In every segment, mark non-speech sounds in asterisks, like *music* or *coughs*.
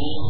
Amen.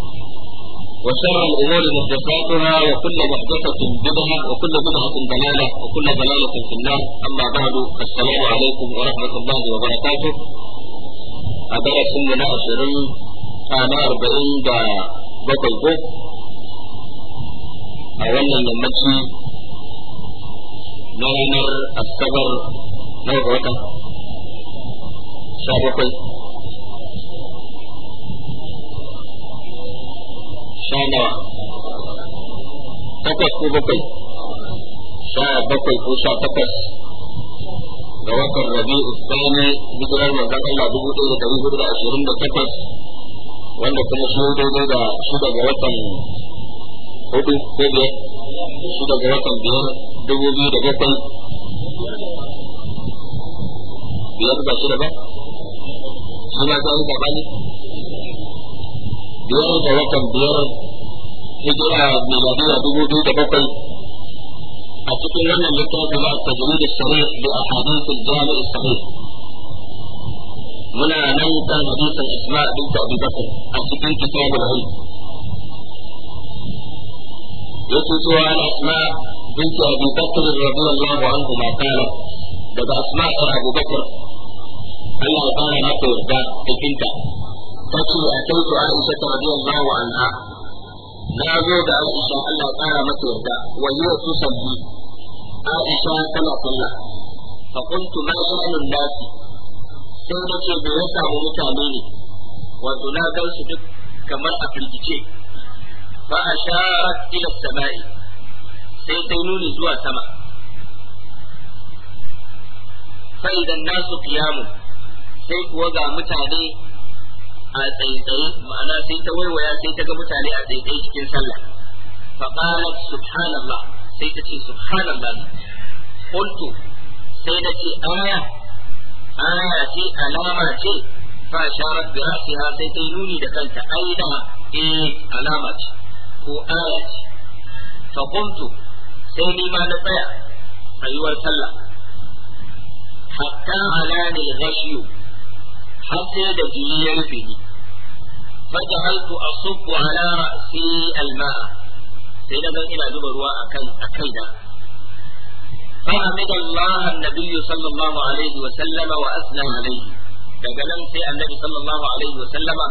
وشر الأمور محدثاتها وكل محدثة بدعة وكل بدعة ضلالة وكل ضلالة في النار أما بعد السلام عليكم ورحمة الله وبركاته أدرى سننا أشرين أنا أربعين دا بطل بوك أولا يمتي نينر السبر نوبوتا شابقل sha nawa takwas ko bakwai sha bakwai ko sha takwas ga watan rabi'u tsani hijirar manzon Allah dubu ɗaya da ɗari hudu da ashirin da takwas wanda kuma shi daidai da shida ga watan hudu ko biyar shida ga watan biyar dubu biyu da bakwai biyar ba shida ba suna ta yi gaba ne biyar da watan biyar hijira miladiya dubu biyu da bakwai a cikin wannan littafi na tajrid sharih bi ahadith al-jami' al-sahih muna nan kan hadisin isma bint abi bakr a cikin kitab al-ilm yake cewa ana isma bint abi bakr radiyallahu anhu ma kana daga asma ɗan abu bakr Allah ya fara mata yarda cikinta a تكي Aisha عائشة رضي الله عنها na zo da Aisha Allah ya kara mata yarda wa yau su sabbi Aisha tana kulla fa kuntu ma sha'anun nasi sai da ce bai samu mutane ne wato na gan su duk kamar a firgice fa asharat ila samai sai ta nuni zuwa sama fa idan nasu qiyamu sai kuwa ga mutane a tsaitsaye ma'ana sai ta waiwaya sai ta ga mutane a tsaitsaye cikin sallah fa qalat subhanallah sai ta ce subhanallah qultu sai na ce aya aya ce alama ce fa sharat bi ra'siha sai ta nuni da kanta aida eh alama ce ko aya ce fa qumtu sai ni ma na tsaya a tsayuwar sallah hatta alani al-ghashyu har sai da jini ya rufe ni fajahaltu asubbu ala ra'si alma'a sai da ban ina zuba ruwa kai da. فحمد الله النبي صلى الله عليه وسلم وأثنى عليه daga nan sai annabi sallallahu alaihi wa sallama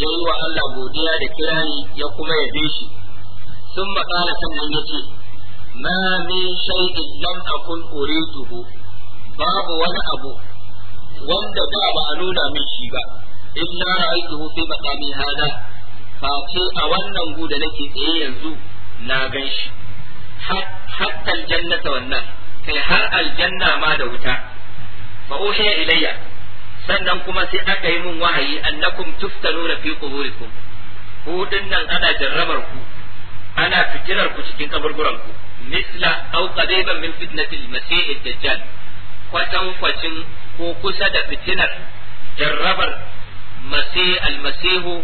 ya yi wa godiya da kirari ya kuma yabe shi sun maƙala sannan ya ce ma min shay'in babu wani abu wanda ba ba a nuna min shi ba illa ra'aytuhu fi maqami hada face a wannan gu nake tsaye yanzu na gan shi hatta aljannata wannan kai har aljanna ma da wuta fa uhiya ilayya sannan kuma sai aka yi min wahayi annakum tuftanuna fi quburikum ku dinnan ana jarrabar ku ana fitilar ku cikin kaburburan ku misla aw qadiban min fitnatil masih dajjal kwatan kwacin ko kusa da fitinar jarrabar almasihu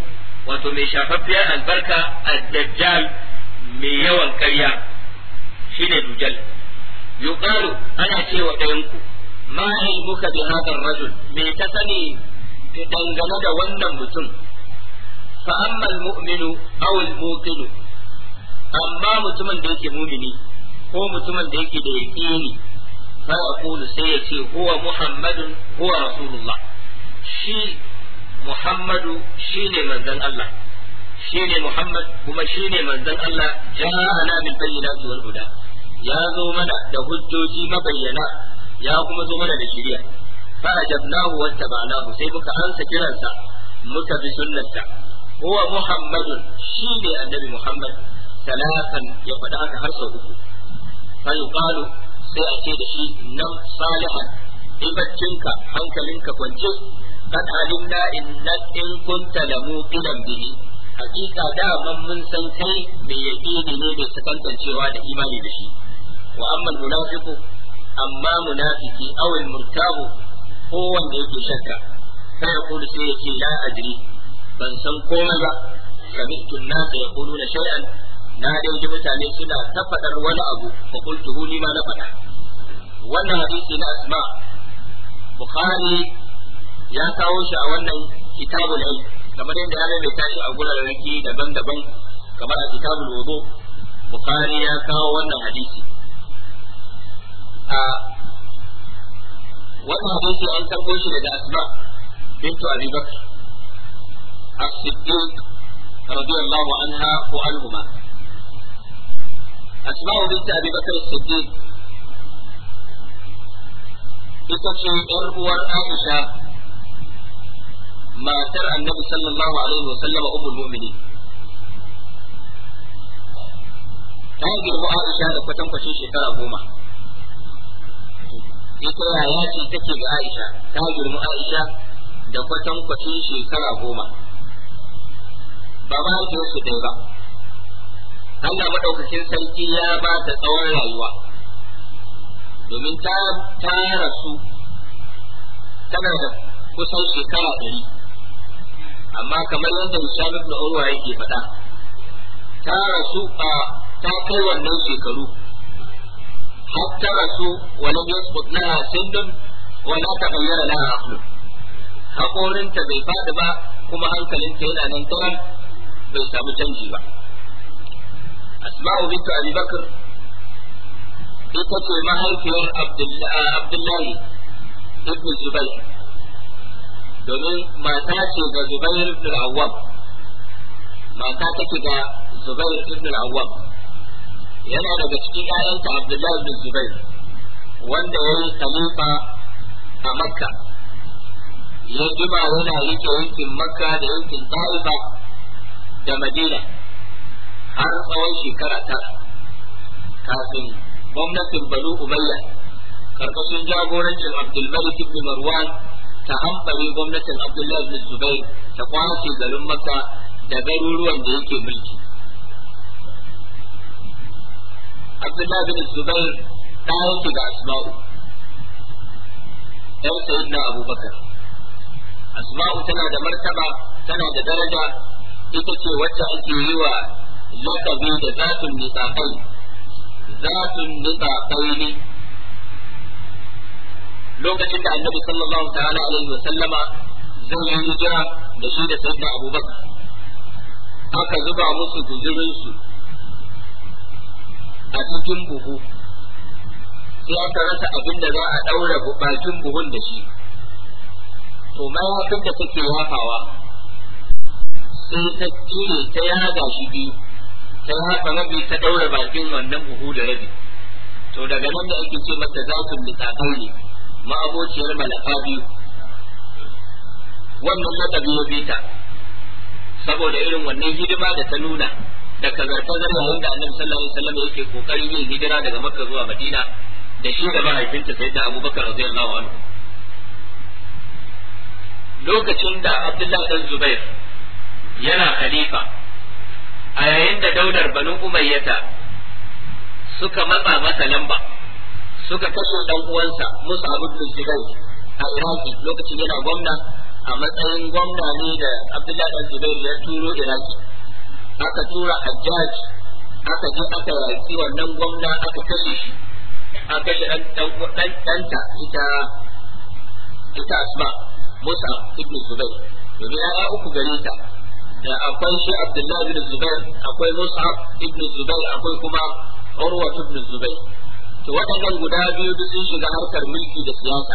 wato mai shafaffiyar albarka a dajjal mai yawan karya shine dujal yuqalu ana cewa ɗayanku ma ilmuka bi hadha rajul me ta sani dangane da wannan mutum fa amma muminu aw al amma mutumin da yake mumini ko mutumin da yake da yaqini fa yaqulu sai ya ce huwa muhammadun huwa rasulullah shi muhammadu shine manzon Allah shine muhammad kuma shine manzon Allah ja'ana bil bayyinati wal huda ya zo mana da hujjoji mabayyana ya kuma zo mana da shiriya fa ajabnahu wattaba'nahu sai muka ansa kiransa muka bi sunnarsa huwa muhammadun shine annabi muhammad talatan ya faɗa haka har sau uku fa yuqalu sai a ce da shi nan salihan ibaccinka hankalinka kwance kan alimna inna in kunta lamu qilan bihi hakika da man mun san kai yake da ne mai sakantancewa da imani da shi wa amma munafiqu amma munafiki aw al murtabu ko wanda yake shakka sai ya kudu sai yake la ajri ban san komai ba sami'tu an-nas yaquluna shay'an na dai mutane suna ta faɗar wani abu fa qultu ni ma na faɗa wannan hadisi na asma bukhari ya kawo shi a wannan kitabul ilm kamar yadda ya rubuta shi a gurarraki daban-daban kamar a kitabul wudu bukhari ya kawo wannan hadisi a wannan hadisi an tabbo shi daga asma bintu abi bakr as-siddiq radiyallahu anha wa anhuma asma bintu abi bakr as-siddiq ita ce ‘yar uwar Aisha matar annabi sallallahu alaihi wasallama ubul mu'mini. Ta girma Aisha da kwatankwacin shekara goma. Ita yaya ce take ga Aisha, ta girma Aisha da kwatankwacin shekara goma. Ba ma su ɗaya ba. Allah maɗaukakin sarki ya ba ta tsawon rayuwa. domin ta rasu tana da kusan shekara ɗari amma kamar yadda Hisham ibn Urwa yake faɗa ta rasu a ta kai wannan shekaru har ta rasu wani yasbut laha sindun wala ta bayyana laha aqlu haƙorinta bai faɗi ba kuma hankalinta yana nan daram bai samu canji ba asma'u bintu Abubakar. ita ce mahaifiyar abdullahi ibn zubair domin mata ce ga zubair ibn awwam mata take ga zubair ibn awwam yana daga cikin ƴaƴanta abdullahi ibn zubair wanda ya yi khalifa a makka ya jima yana rike yankin makka da yankin ta'ifa da madina har tsawon shekara tara kafin gwamnatin banu umayya karkashin jagorancin abdulmalik ibn marwan ta hambare gwamnatin abdullahi ibn zubair ta kwace garin makka da garuruwan da yake mulki abdullahi ibn zubair ta yanke ga asma'u ɗan abu abubakar asma'u tana da martaba tana da daraja ita ce wacce ake yi wa lakabi da zatun nisakai zatun nutsa tsauni lokacin da annabi sallallahu ta'ala alaihi wa sallama zai yi hijira da shi da sayyidina abubakar aka zuba musu su a cikin buhu sai aka rasa abin da za a ɗaura bakin buhun da shi to mayafin da take yafawa sai ta tsire ta yaga shi biyu sai haɗa rabi ta ɗaura bakin wannan buhu da rabi to daga nan da ake ce masa zatun litsakauli ma'abociyar malaka biyu wannan lakabi ya bita saboda irin wannan hidima da ta nuna da kazar zama yayin da annabi sallallahu alaihi wasallam yake kokarin yin hijira daga makka zuwa madina da shi da mahaifinta sai da abubakar radiyallahu anhu lokacin da abdullahi dan zubair yana khalifa a yayin da daular banu umayyata suka matsa masa lamba suka kashe dan uwansa musa abu zubai a iraki lokacin yana gwamna a matsayin gwamna ne da abdullahi dan zubair ya turo iraki aka tura ajaj aka je aka yaki wannan gwamna aka kashe shi aka kashe dan danta ita ita asma musa ibn zubair domin ya uku gare ta da akwai shi Abdullahi bin Zubair akwai Mus'ab ibn Zubair akwai kuma Urwa ibn Zubair to waɗannan guda biyu duk sun shiga harkar mulki da siyasa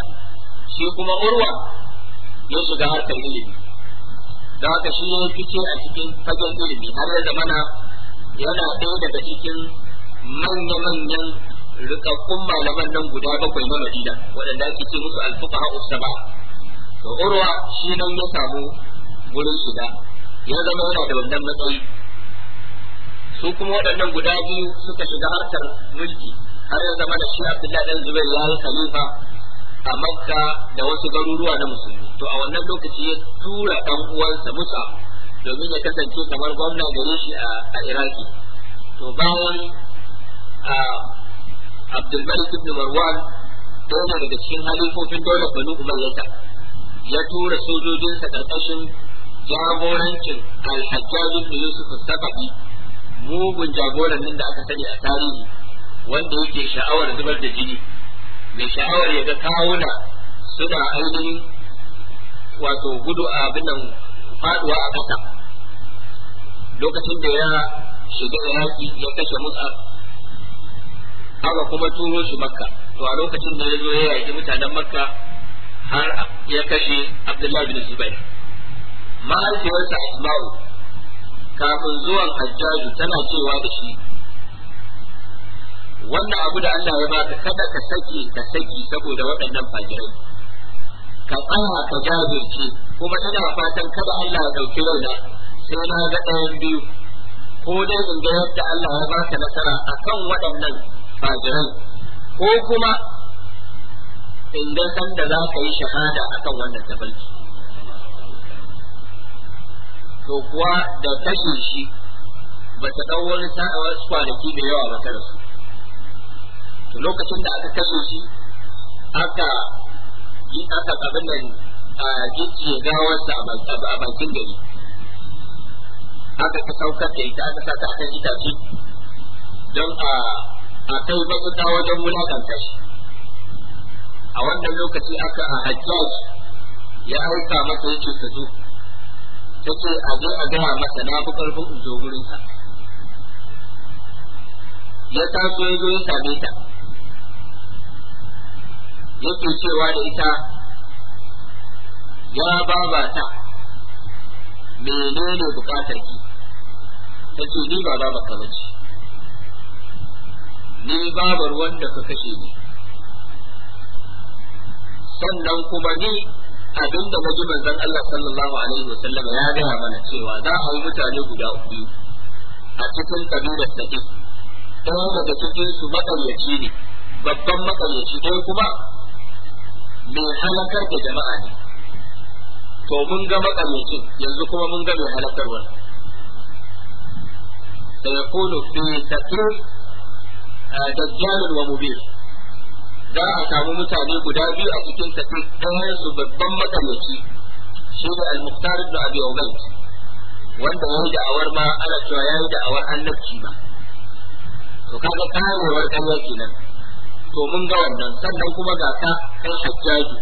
shi kuma Urwa ya shiga harkar ilimi da haka shi ya fice a cikin fagen ilimi har ya zamana yana ɗaya daga cikin manya-manyan rikakkun malaman nan guda bakwai na Madina wadanda ake ce musu alfuqaha usaba to Urwa shi nan ya samu wurin shiga ya zama yana da wannan matsayi su kuma waɗannan guda biyu suka shiga harkar mulki har ya zama da shi Abdullahi dan Zubair ya yi khalifa a Makka da wasu garuruwa na musulmi to a wannan lokaci ya tura ɗan uwansa Musa domin ya kasance kamar gwamna gare shi a Iraki to bayan Abdulmalik ibn Marwan ɗaya daga cikin halifofin dole Banu Umayyata ya tura sojojinsa ƙarƙashin jagorancin alhajjajin da Yusuf Sakafi mugun jagoran nan da aka sani a tarihi wanda yake sha'awar zubar da jini mai sha'awar ya ga kawuna suna ainihin wato gudu a abin nan faduwa a ƙasa lokacin da ya shiga yaƙi ya kashe mus'ab aka kuma turo shi makka to a lokacin da ya zo ya yaƙi mutanen makka har ya kashe abdullahi bin zubair mahaifiyarsa asma'u kafin zuwan hajjaju tana cewa da shi wannan abu da Allah ya baka kada ka saki, ka saki saboda waɗannan fajirai ka tsaya ka jajirce kuma ina fatan kada Allah ya ɗauki rauna sai na ga ɗayan biyu ko dai in ga yadda Allah ya baka nasara akan waɗannan fajirai ko kuma in ga sanda za ka yi shahada akan wannan tabbaci to kuwa da kashe shi ba ta ɗau wani kwanaki da yawa ba ta rasu to lokacin da aka kashe shi aka yi aka abin nan a gicciye gawarsa a bakin gari aka ka saukar da ita aka sa ta akan itace don a a kai ta wajen wulakanta shi a wannan lokaci aka a hajjaji ya aika masa yake ka zo ta ce a zo a gaya masa na fi ƙarfin in zo gurinsa ya taso ya zo ya same ta yake cewa da ita ya babata menene bukatar ki ta ce ni ba baba ka bace ni babar wanda ka kashe ni sannan kuma ni abin da naji manzon Allah sallallahu alaihi wa sallam ya gaya mana cewa za a yi mutane guda uku a cikin kabilar saki ɗaya daga cikin su makaryaci ne babban makaryaci ɗaya kuma mai halakar da jama'a ne to mun ga makaryacin yanzu kuma mun ga mai halakarwa da ya kulu fi taƙir dajjalin wa mubir za a samu mutane guda biyu a cikin tafin ɗayan su babban matsalaci shi ne al-muqtar ibn abi ubayd wanda yayi da'awar ma ana cewa yayi da'awar annabci ma to kaga kayewar ƙarya kenan to mun ga wannan sannan kuma ga ka kai hajjaji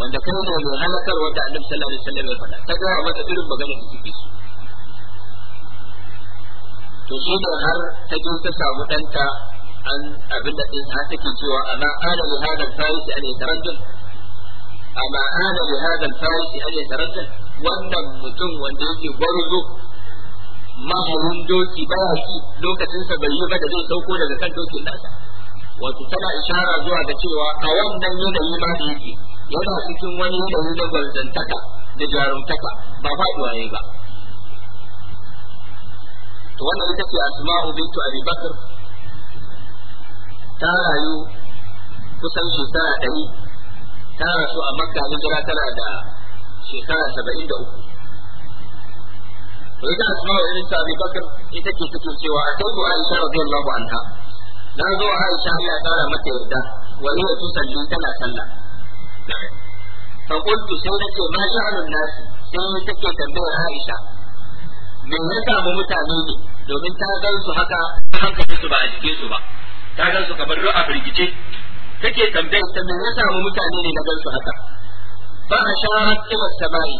wanda kai ne mai halakar wanda annabi sallallahu alaihi wasallam ya faɗa ta ga mata irin magana da suke su to shi da har ta je ta samu ɗanta an abin da din har take cewa amma ana li hada al-faris an yataraddad amma ana li hada al-faris an wannan mutum wanda yake gwarzo maharin doki baya shi lokacin sa bai yi ba da zai sauko daga kan dokin nasa wato tana ishara zuwa ga cewa a wannan yanayi ma da yake yana cikin wani yanayi na gwarzantaka da jarumtaka ba faɗuwa yayi ba to wannan ita ce asma'u bintu abi bakr ta rayu kusan shekara ɗari ta rasu a makka hijira tana da shekara saba'in da uku ita asma wa irin sabi bakar ita ke suke cewa a taibu aisha radiyallahu anha na zo aisha ya tsara mata yarda wa hiya tusalli tana sallah fa qultu sai nace ma sha'anun nasu, sai ta ke tambayar aisha me ya samu mutane ne domin ta gan su haka hankali su ba a jike su ba ta gan su kamar ru'a firgice take tambayar ta me ya samu mutane ne na gan su haka fa asharat ila samai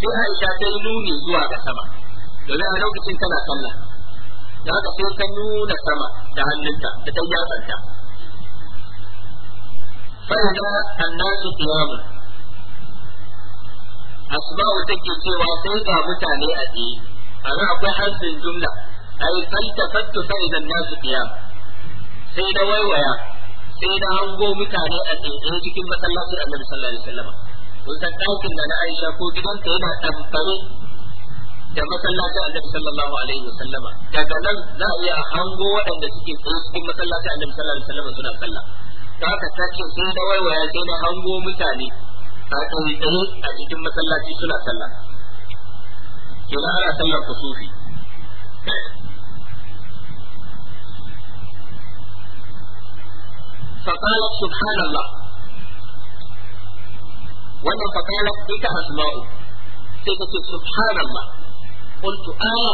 sai Aisha ta nuni zuwa ga sama domin a lokacin tana sallah da haka sai ta nuna sama da hannunta da ta yatsanta fa'ida annasu qiyamun asma'u take cewa sai ga mutane a tsaye a akwai harfin jumla ai faltafattu fa'idan nasu qiyam sai da waiwaya sai da hango mutane a tsaye cikin a nan sallallahu alaihi wasallam kun san ɗakin da na Aisha ko gidanta yana ɗamfare da a nan sallallahu alaihi wasallam daga nan za a iya hango waɗanda suke tsaye cikin a nan sallallahu alaihi wasallam suna sallah ta ka ta sai da waiwaya sai da hango mutane a tsaye a cikin masallaci suna sallah kenan ana sallar kusufi فقال سبحان الله وانا فقالت تلك أسماء تلك سبحان الله قلت آية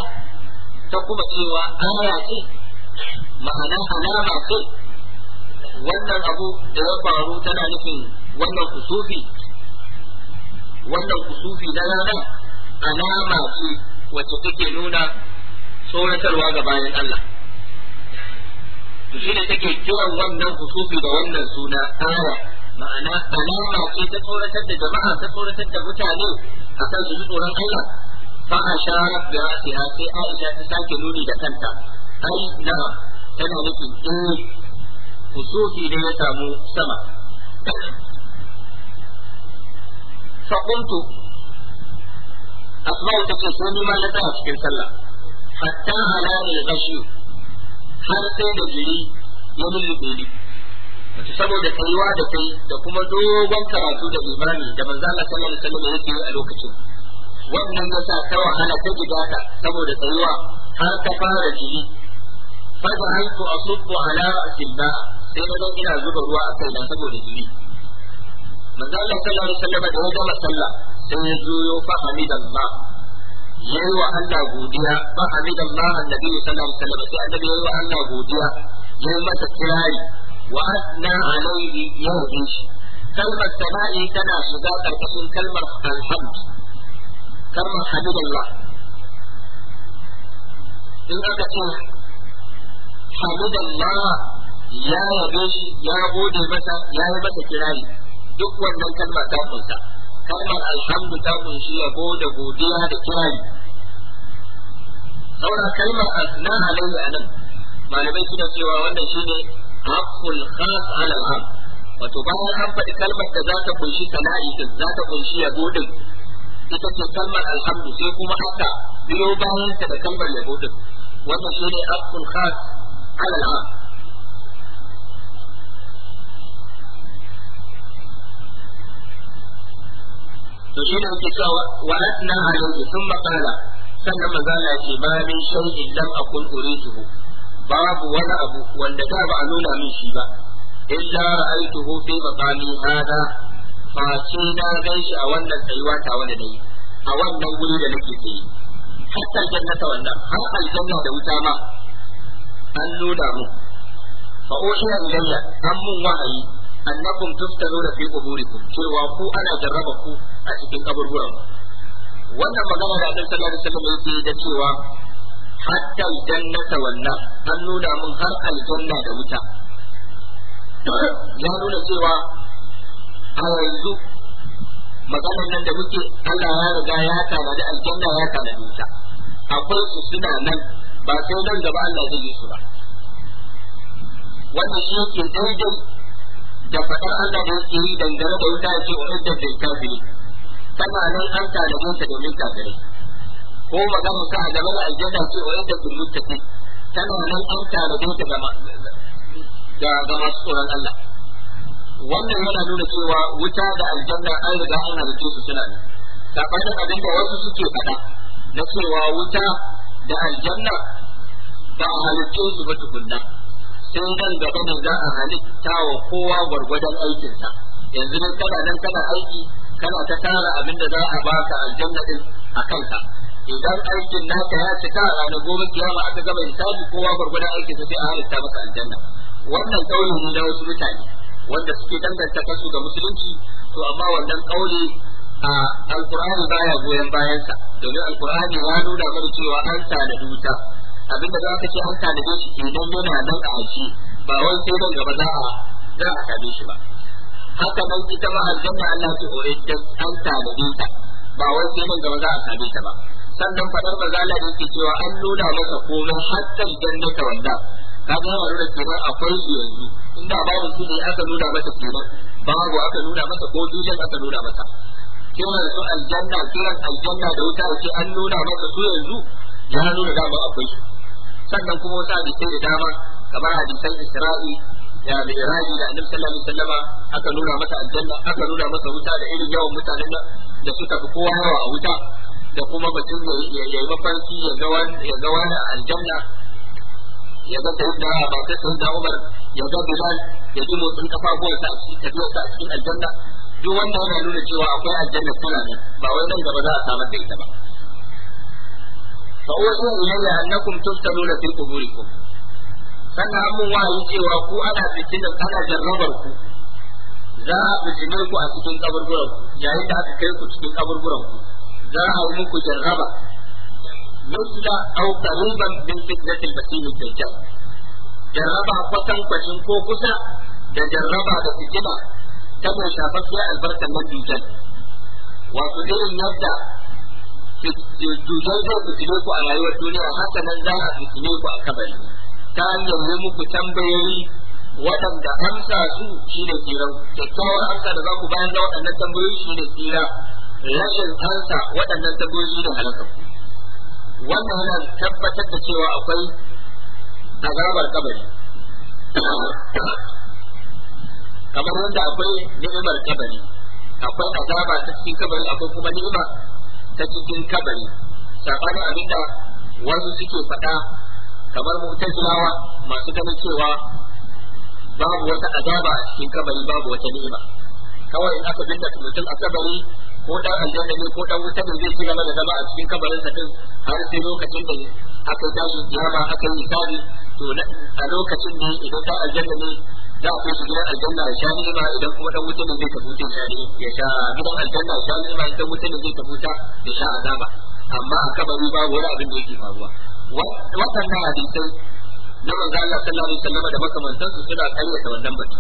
تقوم سوى آية ma'ana alama ce wannan abu da ya faru tana nufin wannan kusufi wannan kusufi na ranar alama ce wacce take nuna tsoratarwa ga bayan Allah to shine take kiran wannan hususi da wannan suna aya ma'ana alama ce ta tsoratar da jama'a ta tsoratar da mutane akan su ji tsoron Allah fa asharat bi ra'siha sai Aisha ta sake nuni da kanta ai na tana nufin eh hususi da ya samu sama fa qultu asma'u ta ce sai ni ma na tsaya cikin sallah hatta halal al har sai da jiri ya lullube ni wato saboda kaiwa da kai da kuma dogon karatu da imani da manzo Allah sallallahu alaihi wasallam yake a lokacin wannan ya sa ta wahala ta gidata saboda kaiwa har ta fara jiri fa ku asubu ala silba sai da ina zuba ruwa a kai dan saboda jiri manzo Allah sallallahu alaihi wasallam da ya gama sallah sai ya fahimi da Allah yayi wa Allah godiya fa hamidallahi annabi sallallahu alaihi wasallam sai annabi yayi wa Allah godiya ya yi masa kirari wa asna alaihi yayi shi kalmar sama'i tana shiga karkashin kalmar alhamd kalmar hamidallah in aka ce hamidallah ya yabe shi ya gode masa ya yi masa kirari duk wannan kalmar ta kunsa kalmar alhamdu ta kunshi yabo da godiya da kirari saboda kalmar asna alayhi anan malamai suna cewa wannan shine haqqul khas ala al wato bayan an faɗi kalmar da za ta kunshi sana'i din za ta kunshi yabo din ita ce kalmar alhamdu sai kuma aka biyo bayan ta da kalmar yabo din wannan shine haqqul khas ala al to shi ne yake cewa wa asna alayhi thumma qala sannan manzo ya ce ba min shay'in lam akun uriduhu babu wani abu wanda ta ba a nuna min shi ba illa ra'aytuhu fi maqami hada face da. gan shi a wannan tsayuwa ta wani dai a wannan guri da nake tsaye hatta jannata wannan har aljanna da wuta ma an nuna mu fa ushiya ilayya an mun wahayi annakum tuftanuna fi quburikum cewa ku ana jarraba ku a cikin kaburburan wannan magana da Annabi sallallahu alaihi wasallam yake da cewa hatta jannata wannan an nuna mun har aljanna da wuta ya nuna cewa a yanzu maganar nan da muke Allah ya riga ya tana da aljanna ya tana da wuta akwai su suna nan ba sai nan gaba Allah zai yi su ba wannan shi yake daidai da fadar Allah da yake yi dangane da wuta yake umurtar da kafiri tana nan an tare musu domin kafiri ko magana sa a gaban aljanna ce umurtar da mutaki tana nan an tare musu da ga masu tsoron Allah wannan yana nuna cewa wuta da aljanna an riga an halitta su suna ne sabanin abin da wasu suke faɗa na cewa wuta da aljanna ba a halitta su ba tukunna in nan gaba ne za a halitta wa kowa gwargwadon aikinsa yanzu nan kana nan kana aiki kana ta tara abin da za a baka aljanna din a kanka idan aikin naka ya cika a ranar gobe kiyama aka gama hisabi kowa gwargwadon aikin sai a halitta maka aljanna wannan kauyen mun da wasu mutane wanda suke danganta kansu ga musulunci to amma wannan kauye a alkur'ani baya goyon bayansa domin alkur'ani ya nuna mana cewa an da wuta abinda za ka ce an tanaje shi ke don yana nan a aiki ba wai sai don gaba za a za a same shi ba haka nan ita ma aljanna Allah ta hore ta an tanaje ta ba wai sai don gaba za a same ta ba sannan fadar bazala da yake cewa an nuna maka komai hatta jannata wanda ka ga ma da kenan akwai su yanzu inda babu su ne aka nuna mata kenan babu aka nuna mata ko duniyan aka nuna mata kiran su aljanna kiran aljanna da wuta ce an nuna maka su yanzu ya nuna ba akwai shi. sannan kuma wasu hadisai da dama kamar hadisan isra'i da mi'raji da annabi sallallahu alaihi wasallama aka nuna masa aljanna aka nuna masa wuta da irin yawan mutanen da suka fi kowa hawa a wuta da kuma batun ya yi mafarki ya ga ya ga wani aljanna ya ga da ba ta sayyidina Umar ya ga Bilal ya ji motsin kafafuwan sa tafiyar sa cikin aljanna duk wanda yana nuna cewa akwai aljanna tana ne ba wai nan gaba za a samar da ita ba fa uzu ilayya annakum tuftanuna fi quburikum sannan an mun wahayi cewa ku ana fitina ana jarrabar ku za a fitine ku a cikin kaburburan ku yayin da aka kai ku cikin kaburburan ku za a muku jarraba nusla aw qariban min fitnatil masih dajjal jarraba kwatan kwashin ko kusa da jarraba da fitina ta mai shafafiya albarkar nan dajjal wato irin yadda cutar zai fitine ku a rayuwar duniya haka nan za a fitine ku a kabari ta hanyar ne muku tambayoyi waɗanda amsa su shi ne tsira kyakkyawar amsa da za ku bayan da waɗannan tambayoyi shi ne tsira rashin amsa waɗannan tambayoyi shi ne ku. wannan yana tabbatar da cewa akwai azabar kabari kamar yadda akwai ni'imar kabari akwai azaba ta cikin kabari akwai kuma ni'ima ta cikin kabari abin abinda wasu suke faɗa kamar mu'tazilawa masu ganin cewa babu wata azaba a cikin kabari babu wata ni'ima kawai in aka da mutum a kabari ko dan aljanna ne ko dan wuta ne zai ci da zama a cikin kabarin sa din har sai lokacin da aka tashi kiyama aka yi hisabi to a lokacin ne idan dan aljanna ne za a su gidan aljanna ya sha ni'ima idan kuma dan wutan zai tafi wutan shari ya sha gidan aljanna ya sha ni'ima idan mutumin zai tafi wuta ya sha azaba amma a kabari babu wani abin da yake faruwa waɗannan hadisai na manzo Allah sallallahu alaihi wasallam da makamantan su suna karyata wannan batu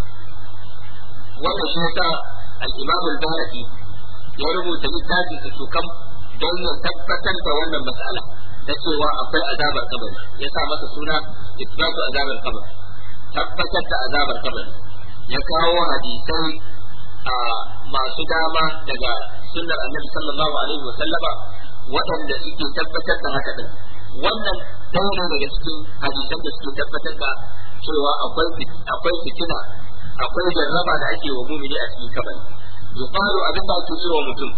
wannan shi yasa al-Imam al-Bayhaqi ya rubuta littafin sa sukan don ya tabbatar da wannan mas'ala da cewa akwai azabar kabari ya sa masa suna isbatu azabar kabari tabbatar da azabar kabari ya kawo hadisai a masu dama daga sunnar annabi sallallahu alaihi wasallama waɗanda suke tabbatar da haka din wannan ɗaya daga cikin hadisan da suke tabbatar da cewa akwai fitina akwai jarraba da ake wa mumini a cikin kabari yuqalu abin da ake cewa mutum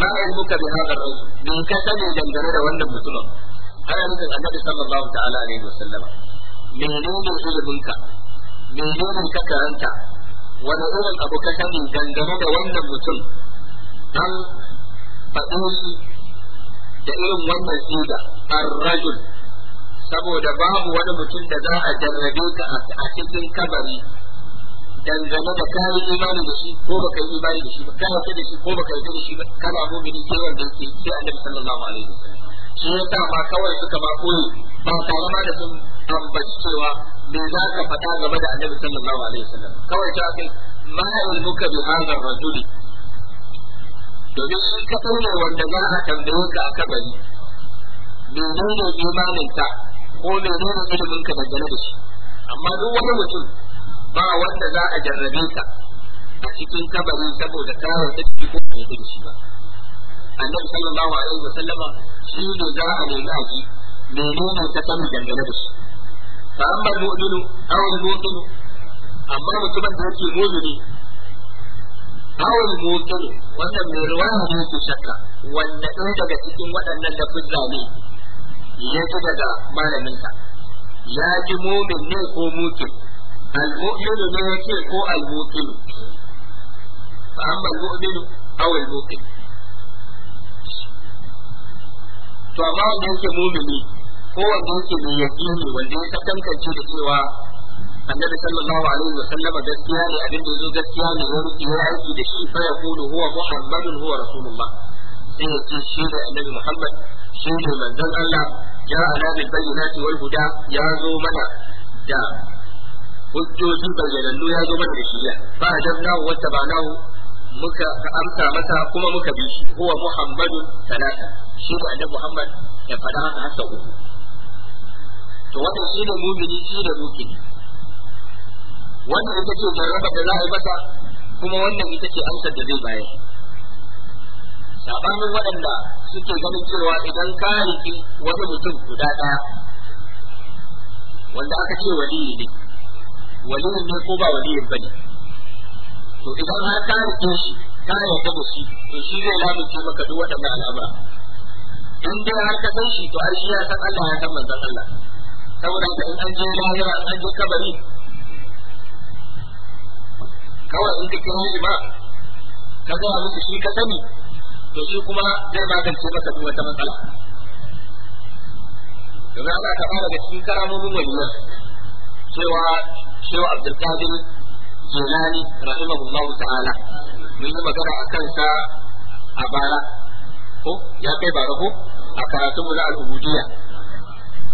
ma ilmuka bi hadha ar-rajul min kasani dangane da wannan mutumin ana nufin annabi sallallahu ta'ala alaihi sallama. menene iliminka menene ka karanta wani irin abu ka sani dangane da wannan mutum an faɗin da irin wannan siga ar-rajul saboda babu wani mutum da za a jarrabe a cikin kabari da kayi imani da shi ko baka yi imani da shi ba kana da shi ko baka yi da shi ba kana mu'mini sai wanda ke, sai annabi sallallahu alaihi wasallam shi yasa ma kawai suka ba koyi ba tare ma da sun ambaci cewa me za ka faɗa game da annabi sallallahu alaihi wasallam kawai ta kai ma ilmuka bi hadha rajuli domin shi ne wanda za a tambaye ka a kabari menene imaninka ko menene ilimin ka dangane da shi amma duk wani mutum ba wanda za a jarrabe ka a cikin kabari saboda ta tsaki ko bai da shi ba annabi sallallahu alaihi wasallama shi ne za a nemi aji. menene ta sani dangane da shi fa amma mu'minu aw al-mu'min amma mutumin da yake mu'mini aw al-mu'min wannan mai riwaya ne ke shakka wanda ɗaya daga cikin waɗannan da fitna ne ya ji daga malaminsa ya ji mu'min ne ko mu'min al-mu'minu ne yake ko al-mu'min fa amma al-mu'minu aw al-mu'min to amma wanda yake mumini ko wanda yake mai yaqini wanda ya tantance da cewa annabi sallallahu alaihi wa sallam gaskiya ne abin da yazo gaskiya ne ya rike ya aiki da shi fa yaqulu huwa muhammadun huwa rasulullah sai ya ce shi da annabi muhammad shi ne manzon Allah ya ala bil bayyinati wal huda ya zo mana da hujjoji bayyanannu ya zo mana da shiriya fa ajabnahu wa tabanahu muka amsa masa kuma muka bi shi huwa muhammadun salatan shi da annabi Muhammad ya faɗa haka har sau uku to wannan shi ne mumini shi ne ruki. wannan ita ce jarraba da za a yi masa kuma wannan ita ce amsar da zai bayar sabanin waɗanda suke ganin cewa idan ka riki wani mutum guda ɗaya wanda aka ce waliyi ne waliyin ne ko ba waliyin ba ne to idan har ka rike shi ka yarda da shi to shi zai lamunce maka duk waɗannan al'amura in dai har ka san shi to ai shi ya san Allah ya san manzon Allah saboda haka in an je lahira an je kabari kawai in ka kira shi ba ka gaya musu shi ka sani to shi kuma zai magance maka duk wata matsala yanzu za ka fara da cikin karamomin waliyar cewa cewa Abdul Qadir Jilani rahimahullahu ta'ala mun yi magana akan sa a bara ko ya kai ba rahu a karatun mu na al-ubudiyya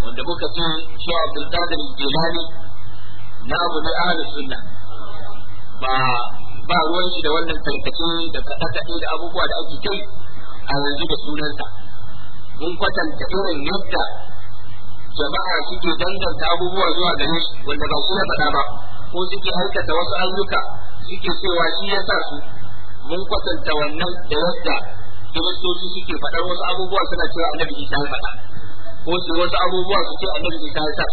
wanda muka ce shi Abdul Qadir Jilani na abu da ahli sunna ba ba ruwan shi da wannan tarkace da kaɗe da abubuwa da ake kai a yanzu da sunansa mun kwatanta irin yadda jama'a suke danganta abubuwa zuwa gare shi wanda ba su ya faɗa ba ko suke aikata wasu ayyuka suke cewa shi ya sa su mun kwatanta wannan da yadda kiristoci suke faɗar wasu abubuwa suna cewa annabi isa ya faɗa ko su wasu abubuwa su ce annabi isa ya sa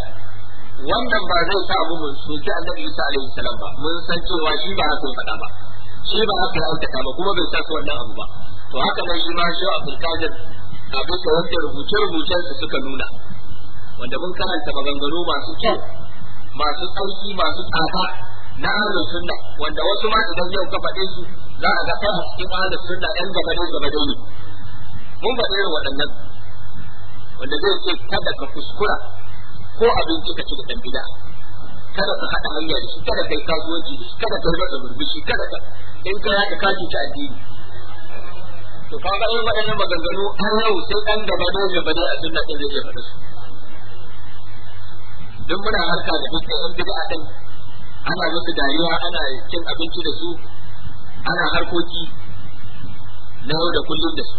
wannan ba zai sa abu mun soki annabi isa alaihi salam ba mun san cewa shi ba haka ya faɗa ba shi ba haka ya aikata ba kuma bai sa su wannan abu ba to haka nan shi ma shi abdul kadir abin da wanda rubuce-rubucen su suka nuna wanda mun karanta maganganu masu kyau masu tsarki masu tsada na ahlus sunna wanda wasu ma idan yau ka faɗe su za a ga fara cikin ahlus sunna ɗan gaba ne gaba ne mun faɗe irin waɗannan wanda zai ce kada ka kuskura ko abinci ka ci da ɗan bida kada ka haɗa hanya da shi kada kai kasuwanci da shi kada ka rika burbushi kada ka in ka yaka ka ci addini to ka ga irin waɗannan maganganu har yau sai ɗan gaba ne gaba ne a sunna ɗin zai iya faɗa su duk muna harka da dukkan yan bid'a ɗin ana musu dariya ana cin abinci da su ana harkoki na yau da kullum da su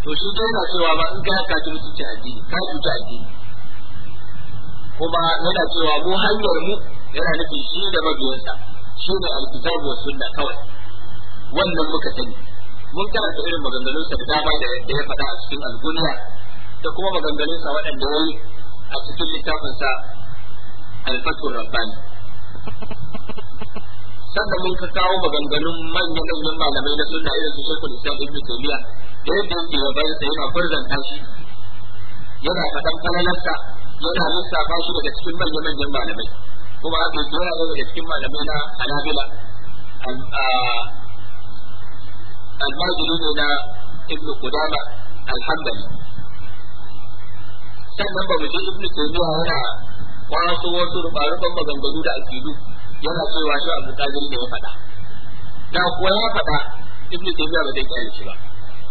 to shi dai na cewa ba in ka ka ji mutunci addini ka cuta addini kuma yana cewa mu hanyar mu yana nufin shi da mabiyansa shi ne alkitabu wa sunna kawai wannan muka sani mun karanta irin maganganun sa da ba da yadda ya faɗa a cikin algunya da kuma maganganun sa waɗanda yayi a cikin littafinsa alfatul rabbani sannan mun ka kawo maganganun manyan manyan malamai na sunna irin su shekul islam ibn taymiya da yadda yake wa bayan sa yana furzanta shi yana faɗan falalarsa yana lissafa shi daga cikin manyan manyan malamai kuma haka yake yana daga cikin malamai na hanabila almajiri ne na ibn kudama alhambali sannan ba mu je ibn taymiya yana kwaso wasu rubarufan maganganu da akidu yana cewa shi abu tajiri da ya faɗa da kuwa ya faɗa ibn taymiya ba zai kyale shi ba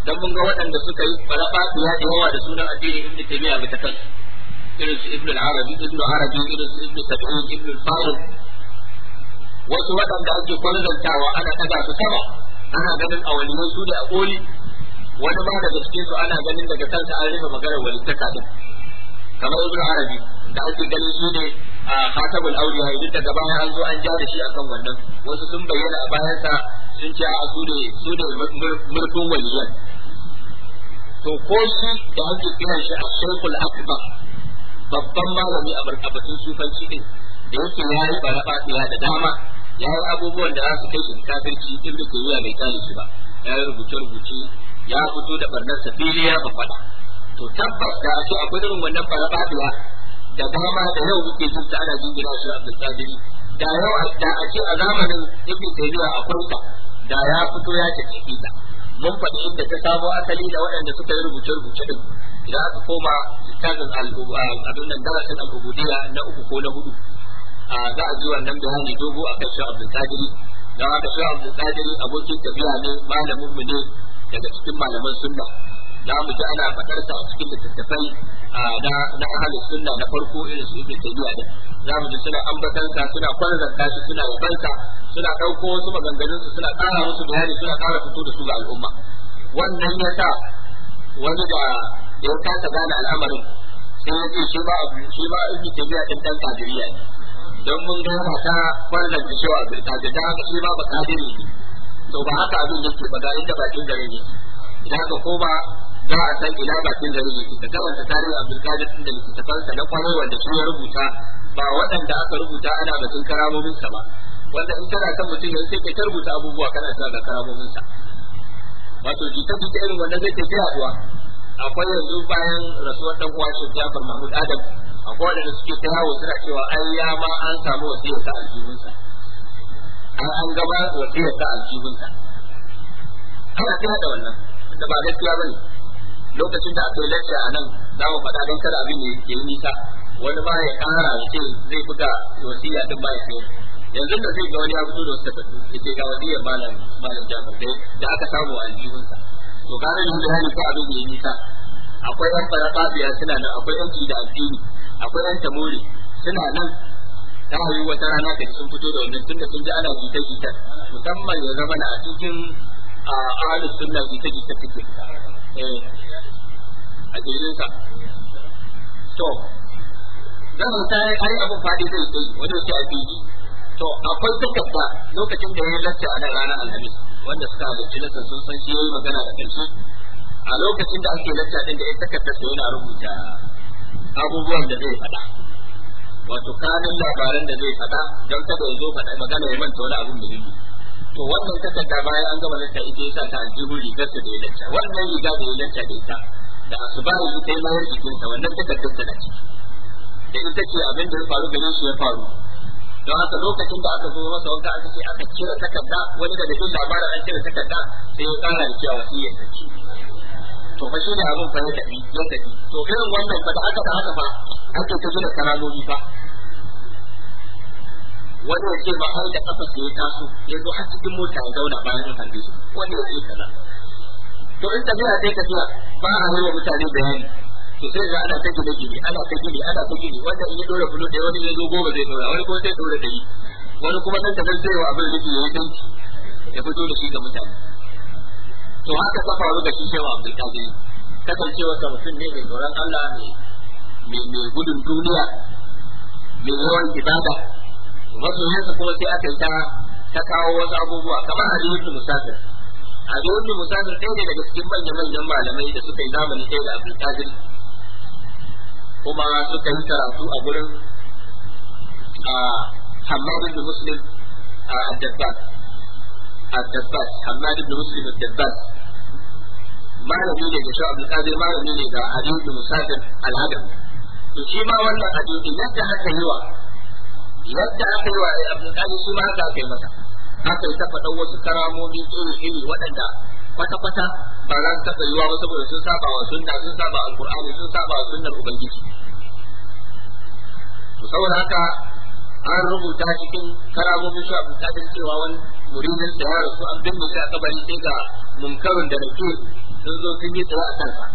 dan mun ga waɗanda suka yi farafa ya da yawa da sunan addini ibn taymiya ba ta kansu irin su ibn al-arabi ibn al-arabi irin su ibn tabi'in ibn al-farid wasu waɗanda ake kwarzantawa ana ɗaga su sama ana ganin awaliyan su da a ƙoli wani ma daga cikin su ana ganin daga kansa an rufe maganar walittaka din kamar ibn arabi da ake ganin shi ne a khatabul awliya duk daga baya an zo an ja da shi akan wannan wasu sun bayyana a sa sun ce a su ne su ne waliyan to ko shi da ake kiran shi a shaykhul akbar babban malami a barkabatun sufanci ne da yake ya yi barabatiya da dama ya yi abubuwan da za su kai shin kafirci in da mai kare shi ba ya rubuce-rubuce ya fito da barnar safiliya ba fada to tabbas da a ce akwai irin wannan farfaduwa da dama da yau muke jin da ana jin gina shi a bisadiri da yau da a ce a zamanin Ibn Taymiya a kurka da ya fito ya ce ta mun faɗi inda ta samo asali da waɗanda suka yi rubuce-rubuce din za su koma littafin um, abin nan darasin al'ubudiyya na uku ko na hudu za a ji wannan bayani dogo a kan shi bisadiri da don haka shi Abdul abokin tafiya ne malamin mu ne daga cikin malaman sunna za mu ji ana faɗar ta a cikin littattafai da na ahlus sunna na farko irin su ibnu tayyiba da za mu ji suna ambatanta suna kwanzanta shi suna yabanta suna ɗauko wasu maganganun su suna ƙara musu bayani suna ƙara fito da su ga al'umma wannan ya sa wani da ya kasa gane al'amarin sai ya ce shi ba shi ba ibnu tayyiba din dan kadiriya ne don mun ga ba ta kwanzanta cewa bil kadir da haka shi ba ba kadiri ne to ba haka abin yake ba ga inda bakin gare ne idan ka ko ba za a san ina bakin gari ta ka karanta tarihin Abdul Qadir tun da littafansa na kwarai wanda shi ya rubuta ba waɗanda aka rubuta ana batun karamomin sa ba wanda in kana san mutum ne sai ka rubuta abubuwa kana sa ga karamomin sa wato jita jita irin wanda zai tafi abuwa akwai yanzu bayan rasuwar dan uwa shi Jafar Mahmud Adam akwai wanda suke ta yawo suna cewa ai ya ma an samu wasiyar sa aljihunsa an an gaba wasiyar sa aljihunsa ana kira da wannan da ba gaskiya bane lokacin da aka yi lacca a nan za mu faɗa don kada abin ya yi nisa wani ba ya ƙara ya ce zai buga wasiya din ba ya sayar yanzu da zai ga wani ya fito da wasu takardu yake ga wasiya malam malam jafar da aka samu a aljihunsa to gara da hali ko abin ya yi nisa akwai yan farafafiya suna nan akwai yan da addini akwai yan tamori suna nan ta hayu wata rana ta sun fito da wannan tunda sun ji ana jita jita musamman ya zama na a cikin a ahalus sunna jita jita take eh, a jirginsa to zaman ta yi ai abin faɗi zai kai wani sai a fiji to akwai takarda lokacin da ya lacce a nan ranar alhamis wanda suka halarci lacce sun san shi yayi magana da ƙarshe a lokacin da ake lacca din da ya takarda su yana rubuta abubuwan da zai faɗa wato kanin labaran da zai faɗa don kada ya zo faɗa magana ya manta wani abin muhimmi to wannan takarda bayan an gama lacca ita ya sa ta aljihun rigarsa da ya lacca wannan riga da ya lacca da ita da asbahi su kai bayan jikin sa wannan takardar ta ciki da ita ce abin da ya faru ganin su ya faru don haka lokacin da aka zo masa wata aka ce aka cire takarda wani daga cikin labarin an cire takarda sai ya kara da cewa wasiyar ya ce to fa shi ne abin fa ya tafi ya tafi to irin wannan fa da aka da haka fa ake ta zuwa karalobi fa wani ya ce ba har da kafa ya taso ya zo har cikin mota ya zauna bayan an harbe shi wani ya ce kaza to in tafiya sai ka tura ba a yi mutane bayani to sai ga ana ta gida gidi ana ta gidi ana ta gidi wanda in ya dora bulo da wani ya zo goma zai dora wani kuma sai dora dari wani kuma dan tabar sai wa abin nufi ya yi ya fito da shi ga mutane to haka ta faru da shi sai wa abdul kadir kasancewa ta mutum ne mai tsoron Allah mai mai gudun duniya mai yawan ibada masoyansa kuma sai aka yi ta kawo wasu abubuwa kamar hadisin musafir a zo ibn musafir ɗaya ne daga cikin manyan manyan malamai da suka yi zamani ɗaya da abdul qadir kuma suka yi karatu a gurin a hamad ibn muslim a addabbas addabbas hamad ibn muslim addabbas malami ne ga shabu qadir malami ne ga ali ibn musafir al-adam to shi ma wannan hadisi yadda aka yi wa yadda aka yi wa abdul qadir su ma aka yi masa haka yi ta faɗan wasu karamomi iri iri waɗanda kwata-kwata ba za su taɓa yiwa ba saboda sun saba wa sunna sun saba alƙur'ani sun saba wa sunnar ubangiji saboda haka an rubuta cikin karamomin shi abu kadin cewa wani muridin da ya rasu an binne shi a kabari sai ga munkarin da nake sun zo sun yi tsira a kansa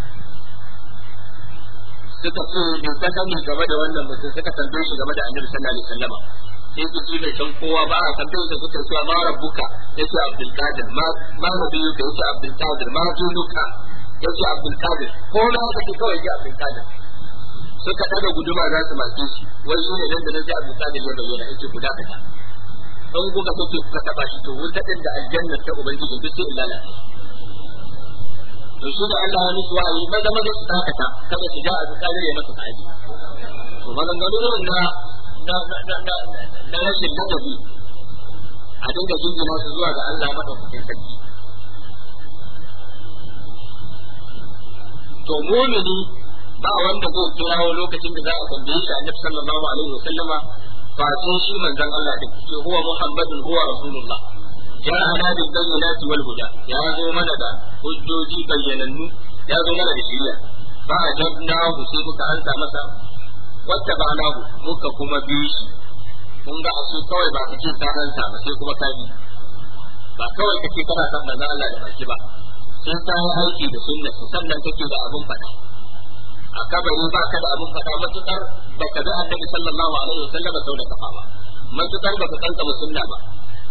suka ce bin kasa game da wannan mutum suka tambaye shi game da annabi sallallahu alaihi wasallam sai su ji can kowa ba a san da kuka cewa ma rabbuka yace abdul qadir ma ma nabiyuka yace abdul qadir ma dinuka yace abdul qadir ko na ce kawai ya abdul qadir suka daga guduma za su mace shi wai shi ne dan da nan abdul qadir ya bayyana yace guda ta? in kuka so ku ka taba shi to wuta din da aljanna ta ubangiji duk sai illala to shi da Allah ya musu yi maza maza su ta, kada su ga a ya masa ta'adi to malan gano na na rashin ladabi a dinga jingina su zuwa ga Allah kuɗin sarki to mumini ba wanda ko kirawo lokacin da za a tambaye shi annabi sallallahu alaihi Sallama, fa sun shi manzon Allah da ke huwa muhammadun huwa rasulullah ya ana bil bayyinati wal huda ya zo mana da hujjoji bayyanannu ya zo mana da shiriya ba a jabnahu sai kuka ansa masa wata ba na muka kuma bi shi kun ga su kawai ba ka ce sa, ba sai kuma ka bi ba kawai kake kana san manzo Allah da baki ba Sun ta yi aiki da sunna sannan kake da abun fata. a kabari ba ka da abun fada matukar ba ka bi annabi sallallahu alaihi wasallam sau da kafa ba matukar ba ka san ka sunna ba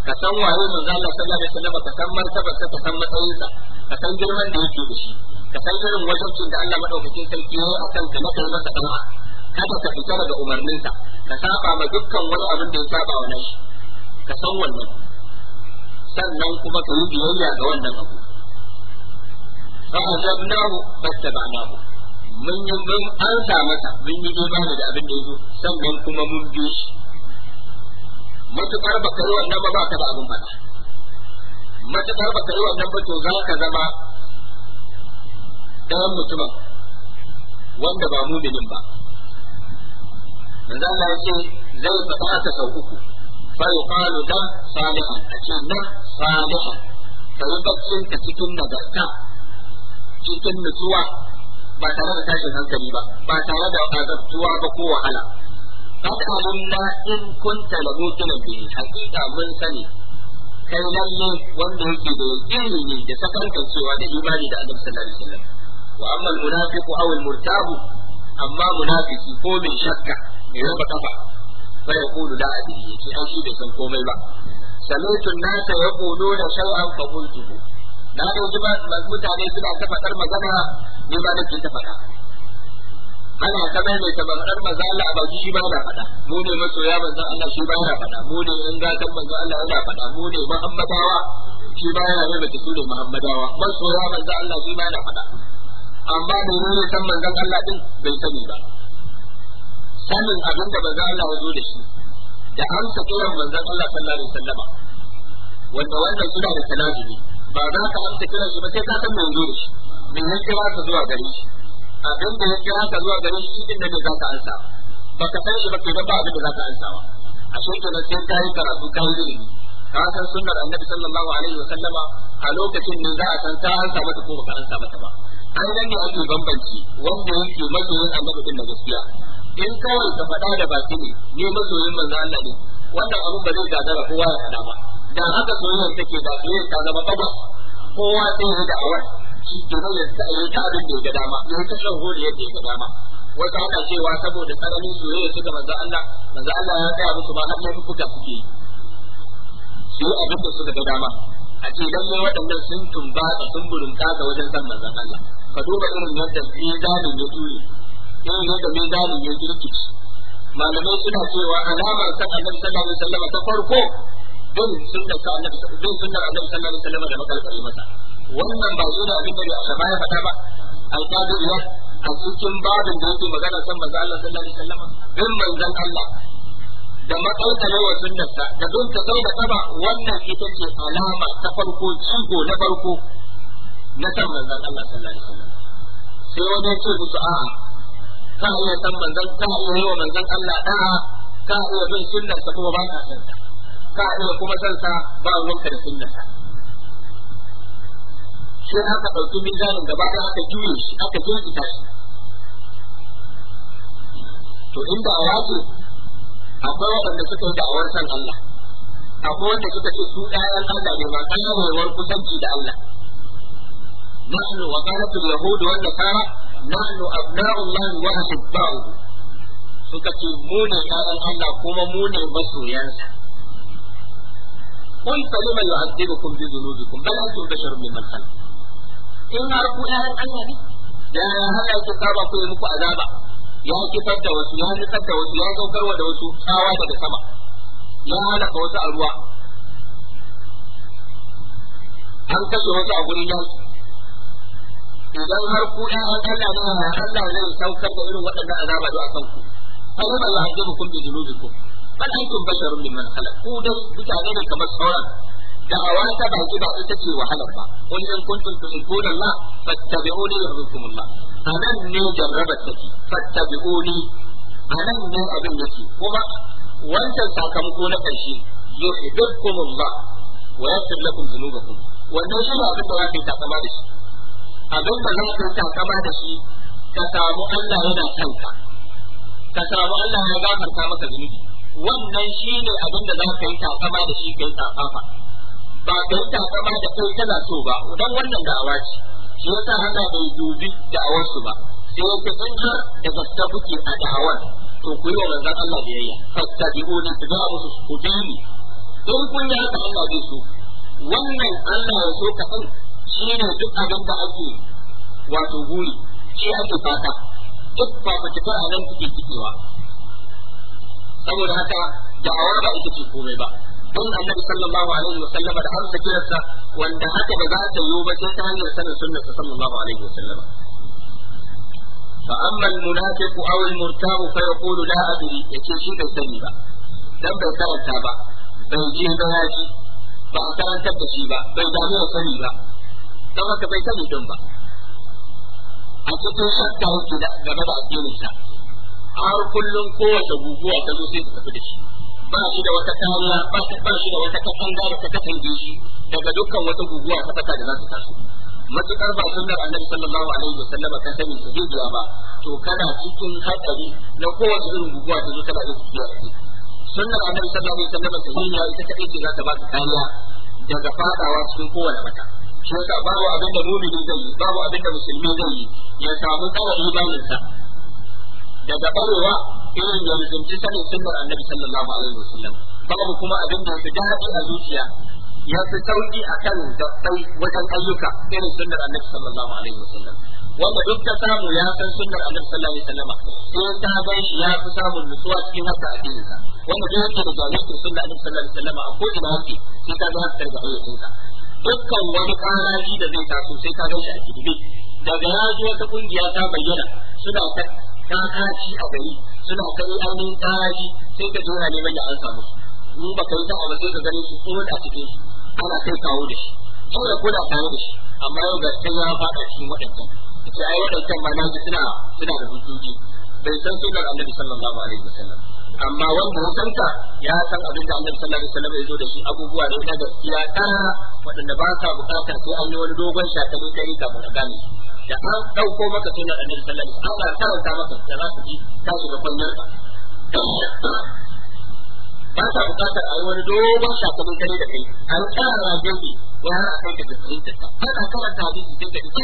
ka san waye manzo Allah sallallahu alaihi wasallam ka san martabar ka san matsayinsa ka san girman da yake da shi ka san irin wajen da Allah madaukakin sarki ya yi akan ka na kai masa kada ka fita daga umarninsa ka saba ma dukkan wani abin da ya saba wa shi, ka san wannan sannan kuma ka yi biyayya ga wannan abu fa ajabnahu fattaba'nahu mun yi mun an mata masa mun yi imani da abin da yazo sannan kuma mun bi shi matukar baka yi wannan ba ba ka da abin ba. matukar baka yi wannan ba to za ka zama dan mutumin wanda ba muminin ba manzo Allah ya ce zai faɗa haka sau uku fa yuqalu da salihan a ce da salihan ka yi baccin ka cikin nagarta cikin nutsuwa ba tare da tashin hankali ba ba tare da azabtuwa ba ko wahala qad alimna in kunta da la mutunan bihi hakika mun sani kai lalle wanda yake da yaqini ne da sakankan cewa da imani da annabi sallallahu alaihi wasallam wa amma al munafiqu aw al murtabu amma munafiki ko min shakka ya rufe kafa sai ya kulu da abi shi an shi da san komai ba sami'tu an-nasa yaquluna shay'an fa qultuhu na ga ji mutane suna ta fadar magana ni ba nake ta fada ana ta bai mai ta fadar manzo Allah ba shi ba na fada mu ne masoya manzo Allah shi ba na fada mu ne in gatan manzo Allah yana fada mu ne muhammadawa shi ba yana ne bata sune muhammadawa masoya manzo Allah shi ba na fada amma da ne san manzon Allah din bai sani ba sanin abin da manzon Allah ya zo da shi da amsa kiran manzon Allah sallallahu alaihi wasallam wanda wannan suna da talazumi ba za ka amsa kiran shi ba sai ka san me zo da shi min ya kira ka zuwa gare shi abin da ya kira ka zuwa gare shi din da za ka ansa ba ka san shi ba kenan ba abin da za ka ansa ba a shi kenan sai ka yi karatu ka yi ilimi ka san sunnar annabi sallallahu alaihi wa sallama a lokacin ne za a san ka ansa mata ko ba ka ansa mata ba an nan ne ake bambanci wanda yake masoyin annabi din da gaskiya in kawai ka faɗa da baki ne ni masoyin manzo Allah ne wannan abin ba zai gagara kowa ya faɗa ba dan haka soyayyar take da soyayyar ta zama baba kowa sai ya da awar shi ke nan ya ta yi abin da ya dama ya ta shan hore yadda ya ga dama wasu haka cewa saboda tsananin soyayya suka manzo Allah manzo Allah ya tsaya musu ba har ya fuka suke su yi su da suka ga dama a ce dan mai waɗannan sun tumba da sun burinta ga wajen san manzon Allah ka duba irin yadda tsidanin ya ture irin yadda mai dalil ya jirkice malamai suna cewa alamar ta annabi sallallahu alaihi wasallam ta farko bin sunnar ta annabi bin sunnar annabi sallallahu alaihi wasallam da makalkari mata wannan ba zuwa abin da a baya faɗa ba alqadir ya a cikin babin da yake magana kan manzo Allah sallallahu alaihi wasallam bin manzon Allah da makalkare wa sunnarsa da bin ta sau da kaba wannan ita ce alama ta farko cigo na farko na san manzon Allah sallallahu alaihi wasallam sai wani ya ce musu a'a ka iya san manzon ka iya yi wa manzon Allah da'a ka iya bin sunnar sa kuma ba ka san ka iya kuma san sa ba ruwanka da sunnar sa sai aka ɗauki mizanin gaba ɗaya aka juye shi aka jirgita shi to inda a wato akwai waɗanda suka yi da'awar san Allah akwai wanda suka ce su ɗayan Allah ne ba ƙayarwar kusanci da Allah nahnu wa qalatul Yahudu wanda nasara nahnu abna'ullahi wa ahibba'uhu suka ce mu ne ƴaƴan Allah kuma mu ne masoyansa kun fa lima kun bi dhunubikum kun antum basharun mimman khalaq in har ku ƴaƴan Allah ne ya hana ku saba ku yi muku azaba ya kifar da wasu ya nufar da wasu ya saukarwa da wasu tsawa da sama ya halaka wasu a ruwa an kashe wasu a gurin yaki idan har ku ɗayan Allah ne Allah zai saukar da irin waɗannan azaba da akan ku fa yana Allah ya ku bi dunubikum bal antum basharun mimman khalaq ku dai mutane ne kamar sauran da'awa ta baki ba ita ce wahalar ba qul in kuntum tuhibbuna Allah fattabi'uni yuhibbukum Allah anan ne jarrabat take fattabi'uni anan ne abin yake kuma wancan sakamako na ƙarshe yuhibbukum Allah wa yaghfir lakum dhunubakum wannan shi ne abin da za ka yi takama da shi abin da za ka kama da shi ka samu Allah yana kanka ka samu Allah ya gafarta maka zunubi wannan shi ne abin da za ka yi takama da shi kai tsafafa ba ka yi takama da kai kana so ba dan wannan da'awa ce shi yasa Allah bai dubi da'awar su ba sai yake in da gaske kuke a da'awar to ku yi wa manzon Allah biyayya fastabi'una ku ga su. ku bi in kun yi haka Allah zai so wannan Allah ya so ka shi ne duk abin da ake wato guri shi ake fata duk fafatikar a nan suke cikewa saboda haka da'awa ba ita ce komai ba don annabi sallallahu alaihi wa sallama da amsa kirarsa wanda haka ba za ta yiwu ba sai ta hanyar sanin sunnarsa sallallahu alaihi wa sallama فأما المنافق أو المرتاب فيقول لا أدري يكي شيء بيسني با دم بيسني با بيجيه بياجي بأسان تبشي با بيدامي سني با don haka bai san mutum ba a cikin shakka da game da addininsa har kullum kowace guguwa ta zo sai ta tafi da shi ba shi da wata kariya ba shi da wata katanga da ta katange shi daga dukkan wata guguwa ta fata da za ta taso matukar ba da annabi sallallahu alaihi wa sallama ka sani su jijiya ba to kana cikin hatsari na kowace irin guguwa ta zo tana da tafiya sunnar annabi sallallahu alaihi wa sallama sahihiya ita kadai ce za ta ba ka kariya daga fadawa cikin kowace mata shi yasa babu abin da mumini zai yi babu abin da musulmi zai yi ya samu tsara imaninsa daga barewa irin ya mutunci sanin sunnar annabi sallallahu alaihi wasallam babu kuma abin da su daɗi a zuciya ya fi sauƙi a kan wajen ayyuka irin sunnar annabi sallallahu alaihi wasallam wanda duk ta samu ya san sunnar annabi sallallahu alaihi wasallam sai ta bai shi ya fi samun nutsuwa cikin haka addininsa wanda duk yake da jami'in sunnar annabi sallallahu alaihi wasallam a ko ina yake sai ta ga haka da ayyukansa dukkan wani karaji da zai taso sai ka ganshi a kidibe daga ya zo wata kungiya ta bayyana suna ta kakaci a bayi suna ta yi aunin karaji sai ka jona neman da an samu in ba ka yi ta abu sai ka gani su tsohon a cikin su ana kai kawo da shi dole da tare da shi amma yau ga sai ya faɗa cikin waɗancan ce ai waɗancan ma na ji suna suna da hujjoji bai san sunan annabi sallallahu alaihi sallam amma wanda ya santa ya san abin da annabi sallallahu alaihi wasallam ya zo da shi abubuwa da na gaskiya kana waɗanda ba ka bukatar sai an yi wani dogon shakali kai kafin ka gani da an dauko maka sunan annabi sallallahu alaihi wasallam ya karanta maka da za ka ji ka shiga kwanyar ba ta bukatar a yi wani dogon shakali kai da kai an kara gobe ya kai ka tsayin ta haka karanta hadisi sai da ita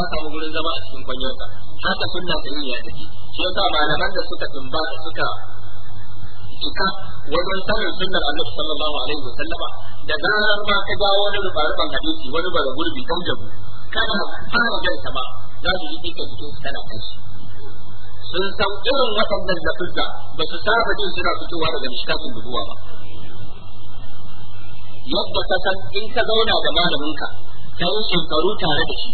ya samu wurin zama a cikin ka. haka sunna ta yi ya take shi yasa malaman da suka da suka cika wajen sanin sunnar annabi sallallahu alaihi wa sallama da zarar ba ka jawo wani rubarban hadisi wani bara gurbi kan jabu kana fara ta ba za su yi dika jikin kana kai sun san irin waɗannan lafuzza ba su saba jin suna fitowa daga mishkatin dubuwa ba yadda ka san in ka zauna da malaminka ka yi shekaru tare da shi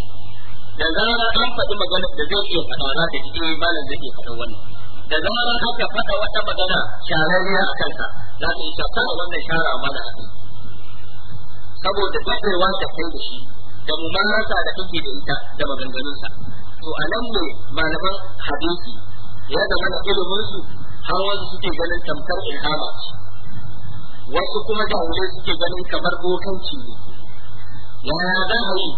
da zarar an faɗi magana da zai iya faɗa za ka ji eh, malam zai iya faɗa wannan da zarar haka faɗa wata magana shararriya a kanta za ta yi shafa a wannan shara mana saboda daɗewa ta kai da shi da mumarasa da kake da ita da maganganunsa to a nan ne malaman hadisi ya zama na iliminsu har wasu suke ganin tamkar ilhama ce wasu kuma da wuri suke ganin kamar bokanci ne ya za a yi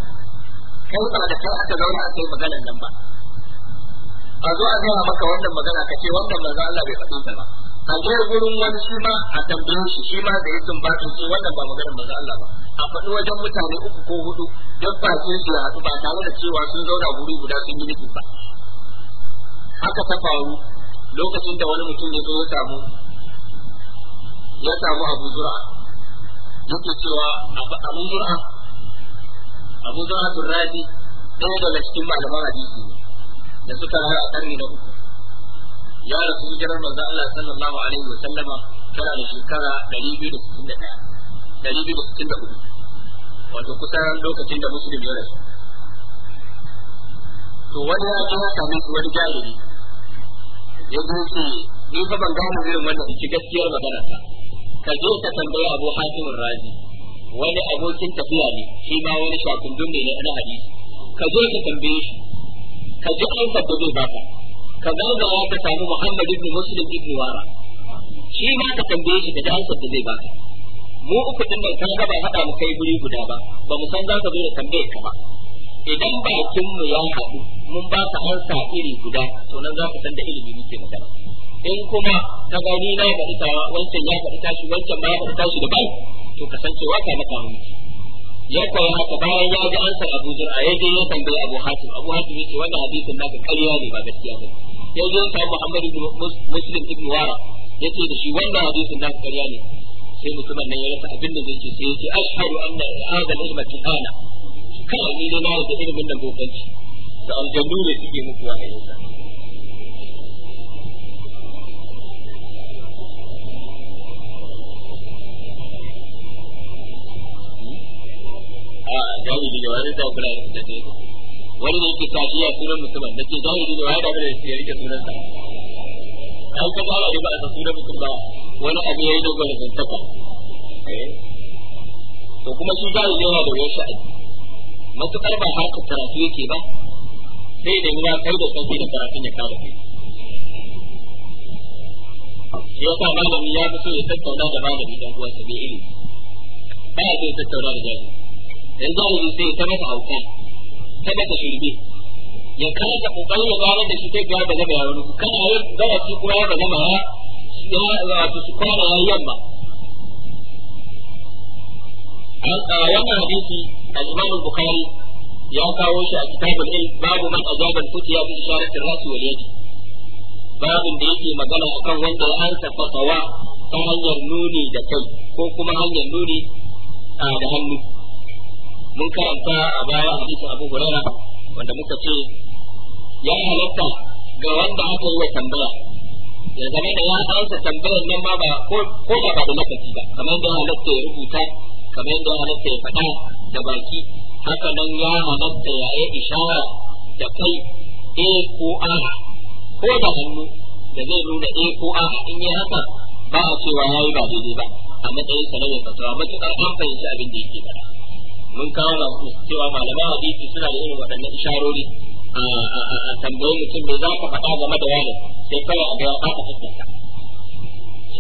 kai ba da kai aka zauna a kai maganan nan ba a zo a gaya maka wannan magana ka ce wannan manzo Allah bai faɗi ba a je gurin wani shi ma a tambaye shi shi ma da yakin ba ce wannan ba maganar manzo Allah ba a faɗi wajen mutane uku ko hudu duk bakin su ya haɗu ba tare da cewa sun zauna guri guda sun yi nufi ba haka ta faru lokacin da wani mutum ya zo ya samu ya samu Abu Zur'a yake cewa Abu Zur'a Abu Zur'a Turradi ɗaya daga cikin malaman hadisi ne da suka rayu a karni na uku ya rasu hijirar manzo Allah sallallahu alaihi wa sallama Kana da shekara 261 264 wato kusan lokacin da musulmi ya rasu to wani ya ce ya same shi wani jahili ya zo ce ni fa ban gane irin wannan ci gaskiyar magana ta ka zo ka tambayi Abu Hatim Razi wani abokin tafiya ne shi ma wani shakundun ne na hadisi ka zo ka tambaye shi ka ji amsar da zai baka ka gargawa ka samu Muhammad ibn Muslim ibn Wara shi ma ka tambaye shi ka ji amsar da zai baka mu uku din nan kaga ba hada mu kai guri guda ba ba mu san za ka zo da tambaye ka ba idan bakin mu ya haɗu mun ba ka ansa iri guda to nan za ka san da ilimi muke magana in kuma ka gani na ya faɗi tawa wancan ya faɗi tashi wancan ma ya faɗi tashi daban to cewa ka maka mutunci ya koya haka bayan ya ga ansar Abu Zur'a ya je ya tambayi Abu Hatim Abu Hatim yace wannan hadisin naka ƙarya ne ba gaskiya ba ya je ya Muhammad ibn Muslim ibn Wara yace da shi wannan hadisin naka ƙarya ne sai mutumin nan ya rasa abin da zai ce sai yace ashhadu anna hadha al-ilma kana kai ni dai na da ilimin nan bokanci da aljannu ne suke mutuwa a yanzu a jahili ne wani da kula da su wani ne yake kafiya sunan musulman da ke jahili ne wani da bada ya rike sunansa an ka tsara ne ba a sunan mutum ba wani abu ya yi da gwada zantaka eh? to kuma shi jahili yana da wani sha'ani matuƙar ba harkar karatu yake ba sai da ya kai da sauki da karatun ya kare kai shi yasa malami ya fi so ya tattauna da malami dan uwansa bai ilimi ba ya so ya tattauna da jahili Yanzu dan zalibin sai ta masa hauka ta masa shirbe ya kasa kokarin ya gane da shi sai ga da gaba ya kana yin gawa shi kuma ya gaba ya ya wato su fara yamma wannan hadisi al-Imam al-Bukhari ya kawo shi a kitabul ilm babu man ajaba al-futiya bi isharatir ras wal yad babin da yake magana akan wanda ya ansa fatawa ta hanyar nuni da kai ko kuma hanyar nuni da hannu mun karanta a baya hadisi Abu Hurairah wanda muka ce ya halatta ga wanda aka yi wa tambaya ya zama da ya ansa tambayar nan ba ba ko da ba da lokaci ba kamar yadda ya halatta ya rubuta kamar yadda ya halatta ya faɗa da baki haka nan ya halatta ya yi ishara da kai a ko a ko da hannu da zai nuna a ko a in yi haka ba a cewa ya yi ba daidai ba a matsayin sa na fatawa matuƙar an fahimci abin da yake faɗa mun kawo masu cewa malaman hadisi suna da irin waɗannan isharori a tambayi mutum mai za ka faɗa game da wani sai kawai a gaya ba ka fuskanta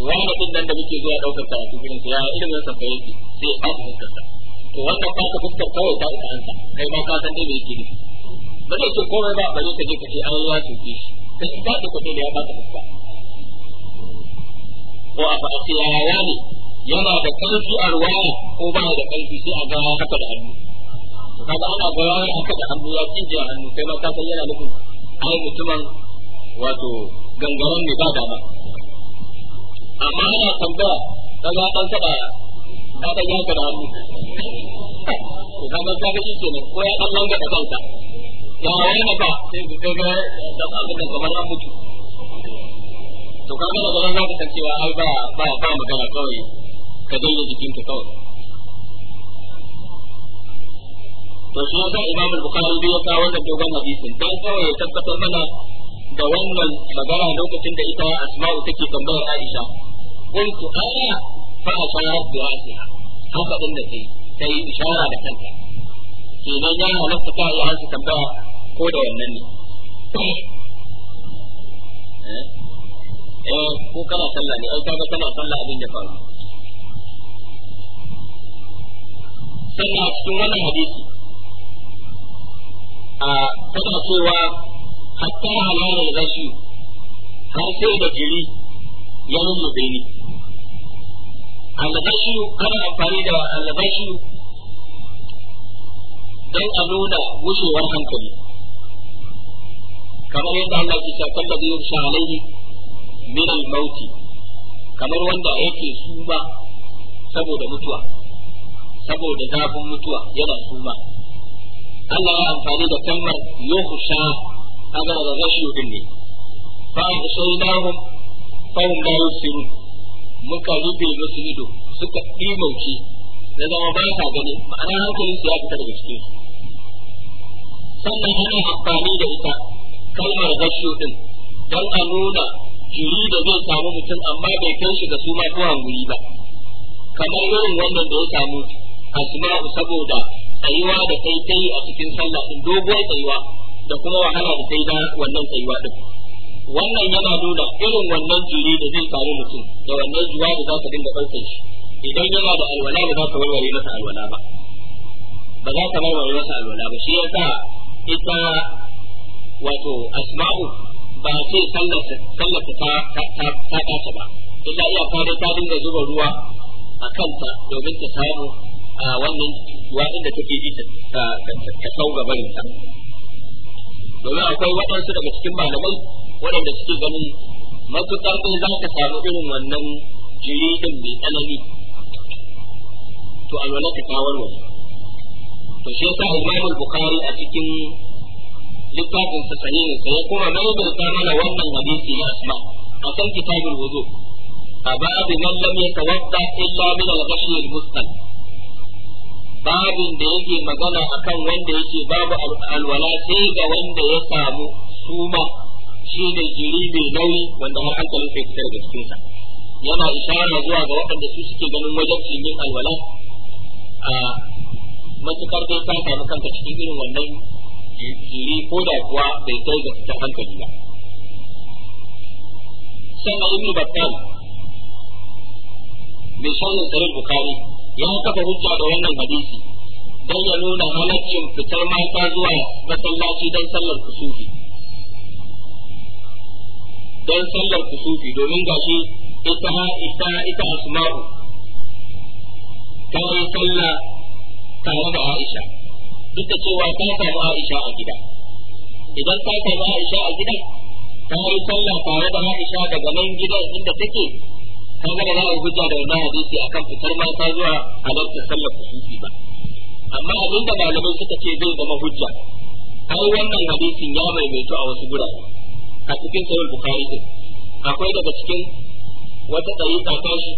wani din nan da muke zuwa ɗaukar karatu su ya irin wannan safa yake sai ba ka fuskanta to wannan ba ka fuskar kawai ta isa ansa kai ma ka san dai me yake nufi ba zai ce komai ba ba zai ka je ka ce an ruwa su ke shi sai ka da da ya ba ka fuska? ko a faɗa ce yaya ne yana da ƙarfi a ruwaya ko ba da ƙarfi sai a gama haka da hannu to kaga ana gawa haka da hannu ya cije hannu kai ma ka san yana nufin ai mutumin wato gangaren ne ba dama amma ana tambaya kaga an saba ka ta yanka da hannu to kaga ka ga shi ne ko ya dan langa da kanta ya wani na ba sai ku ga da abin da kamar an mutu to kaga da nan za ka san cewa ai ba ba magana kawai ka danna jikinka kawai to shi yasa imam al-bukhari bai ya kawo wannan dogon hadisin dan kawai ya tabbatar mana da wannan magana lokacin da ita asma'u take tambayar aisha qultu ana fa asharat bi ra'siha haka din da kai sai ishara da kanta kenan ya halatta ta ya hansu tambaya ko da wannan ne eh, eh ko kana sallah ne ai kaga kana sallah abin da faru sannan cikin wannan hadisi a tana cewa hatta halala da shi har sai da jiri ya lullube ni albashi kana amfani da albashi don a nuna gushewar hankali kamar yadda Allah ke shakar da zai yi alaihi min al-mauti kamar wanda yake suma saboda mutuwa saboda zafin mutuwa yana suma Allah ya amfani da kalmar yukhsha kaga daga gashiyu din ne fa shaydahum fa hum la yusirun muka rufe musu ido suka imauce da zama ba sa gani ma'ana hankalin su ya fita daga cikin su sannan ana amfani da ita kalmar gashiyu din don a nuna jiri da zai samu mutum amma bai kai shi ga suma ko hanguri ba kamar irin wannan da ya samu asma'u saboda tsayuwa da kai kai a cikin sallah din doguwar tsayuwa da kuma wahala da kai da wannan tsayuwa din wannan yana nuna irin wannan jiri da zai faru mutum da wannan zuwa da za dinga daukar shi idan yana da alwala ba za ka warware masa alwala ba ba za ka warware masa alwala ba shi yasa ita wato asma'u ba ce sallar ta ta ta ba illa iya fara ta dinga zuba ruwa a kanta domin ta samu wannan waɗin da take ji ta sau gabanin ta domin akwai waɗansu daga cikin malamai waɗanda suke ganin matuƙar ɗin za ka samu irin wannan jiri ɗin mai tsanani to alwala ta kawar wani to shi yasa Imam Bukhari a cikin littafin sa sahihin sa ya kuma maimaita mana wannan hadisi na Asma a kan kitabul wudu a ba'd man lam yatawadda illa min al-ghasl al-mustaqim babin da yake magana akan wanda yake babu alwala sai ga wanda ya samu suma shi da jiri bai nauyi wanda har hankalin sai fitar da cikinsa yana ishara zuwa ga waɗanda su suke ganin wajen yin alwala a matukar dai ta samu kanka cikin irin wannan jiri ko da kuwa bai kai ga fitar hankali ba sannan ibnu battal mai shahin sarar bukari ya kafa hujja da wannan hadisi dan ya nuna halaccin fitar mata zuwa masallaci dan sallar kusufi dan sallar kusufi domin gashi ita ita ita asma'u ta yi sallah tare da Aisha duk da cewa ta samu Aisha a gida idan ta samu Aisha a gida ta yi sallah tare da Aisha daga nan gidan inda take kan ga za a yi hujja da wannan hadisi akan fitar mata zuwa halartar sallar kusufi ba amma abin da malamai suka ce zai zama hujja ai wannan hadisin ya maimaito a wasu gurare a cikin sahih bukhari din akwai daga cikin wata ta shi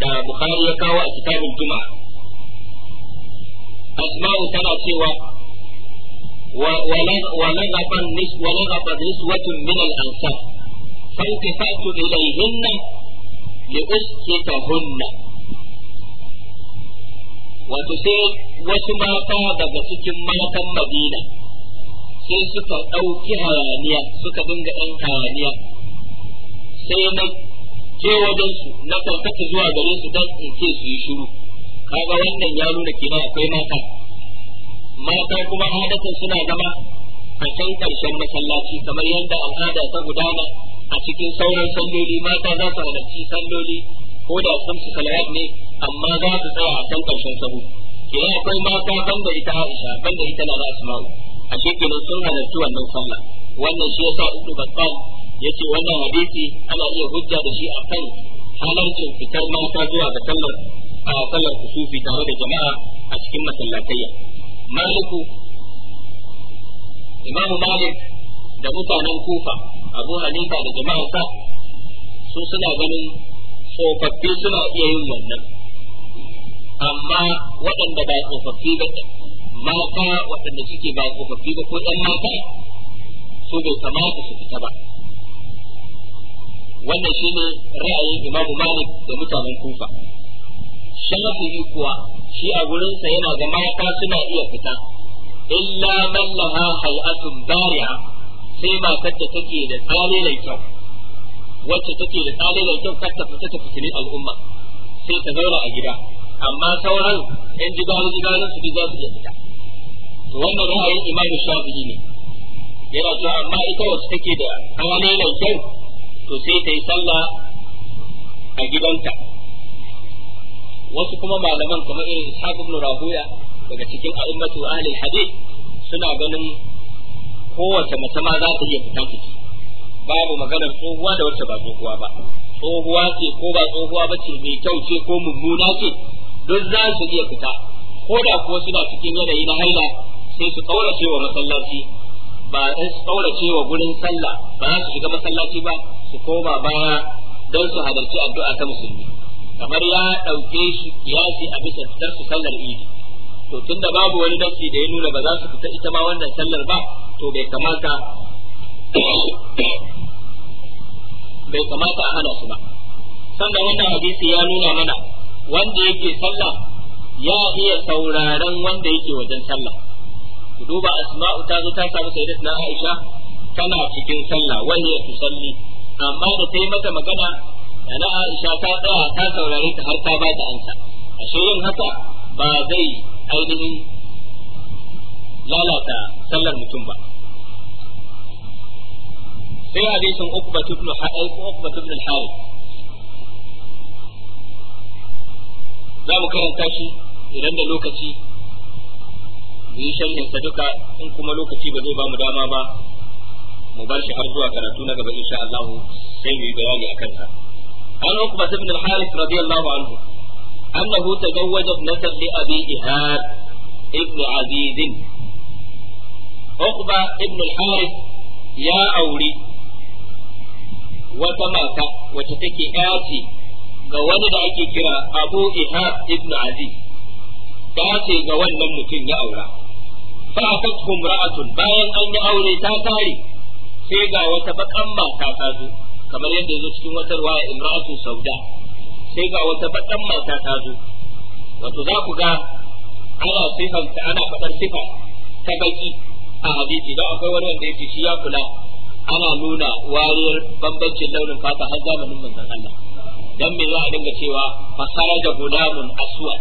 da bukhari ya kawo a kitabul juma asma'u tana cewa ولغط نسوة من الأنصار فانتفعت إليهن li'uskitahunna wato sai wasu mata daga cikin matan Madina sai suka ɗauki hayaniya suka dinga ɗan hayaniya sai na ke wajen su na karkata zuwa gare su don in ce su yi shiru kaga wannan ya nuna kenan akwai mata mata kuma adatan suna zama a can ƙarshen masallaci kamar yadda al'ada ta gudana a cikin sauran salloli mata za su halarci salloli ko da kamsu salawat ne amma za su tsaya a kan ƙarshen sabo. kenan akwai mata da ita Aisha da ita na Asma'u a sun halarci wannan sallah wannan shi yasa Ibn Battal yace wannan hadisi ana iya hujja da shi a kan halarcin fitar mata zuwa ga sallar a sallar kusufi tare da jama'a a cikin masallatayya maliku imamu malik da mutanen kufa abu hanifa da jama'arsa su suna ganin tsofaffi suna iya yin wannan amma waɗanda ba tsofaffi ba mata waɗanda suke ba tsofaffi ba ko ɗan mata su bai kamata su fita ba wannan shine ra'ayin imamu malik da mutanen kufa shafi'i kuwa shi a gurinsa yana ga mata suna iya fita illa man laha hay'atun bari'a sai matar da take da tsalilan kyau wacce take da tsalilan kyau kar ta fita ta fitini al'umma sai ta zauna a gida amma sauran yan jigalu jigalun su za su iya fita to wannan ra'ayin imamu shafi'i ne yana cewa amma ita wacce take da tsalilan kyau to sai ta yi sallah a gidanta wasu kuma malaman kamar irin ishaq ibn rahuya daga cikin a'immatu ahli hadith suna ganin kowace mace ma za ta iya fita fiki babu maganar tsohuwa da wacce ba tsohuwa ba tsohuwa ce ko ba tsohuwa ba ce mai kyau ce ko mummuna ce duk za su iya fita ko da kuwa suna cikin yanayi na haila sai su kaurace wa masallaci ba sai su kaurace wa gurin sallah ba za su shiga masallaci ba su koma baya don su halarci addu'a ta musulmi kamar ya ɗauke shi kiyasi a bisa fitar su sallar idi to tunda babu wani dafi da ya nuna ba za su fita ita ma wannan sallar ba to bai kamata *coughs* bai kamata a hana su ba sannan wannan hadisi ya nuna mana wanda yake sallah ya iya sauraron wanda yake wajen sallah ku duba asma'u ta zo ta samu na Aisha tana cikin sallah wani ya tusalli amma da ta yi mata magana da na Aisha ta tsaya ta saurare ta har ta ba ta ansa ashe yin haka ba zai ainihin lalata sallar mutum ba sai hadisin Uqba ibn ko eh, Uqba ibn Harith za mu karanta shi idan da lokaci mu yi sharhin sa duka in kuma lokaci ba zai ba mu dama ba mu bar shi har zuwa karatu na gaba insha Allah sai mu yi bayani akan sa an Uqba ibn Harith radiyallahu anhu أنه تزوج ابنة لأبي إيهاب ابن عزيز عقبة ابن الحارث يا أولي wata mata wacce take ce ga wani da ake kira Abu Ihab ibn Aziz ce ga wannan mutum ya aura fa atatkum ra'atun bayan an yi aure ta tare sai ga wata bakan mata ta zo kamar yadda yazo cikin wata riwaya imra'atu sauda sai ga wata bakan mata ta zo wato za ku ga ana sifanta ana faɗar sifa ta baki a hadisi don akwai wani wanda ya ce shi ya kula ana nuna wariyar bambancin launin fata har zamanin manzon Allah dan me za a dinga cewa fasara da gudamun aswa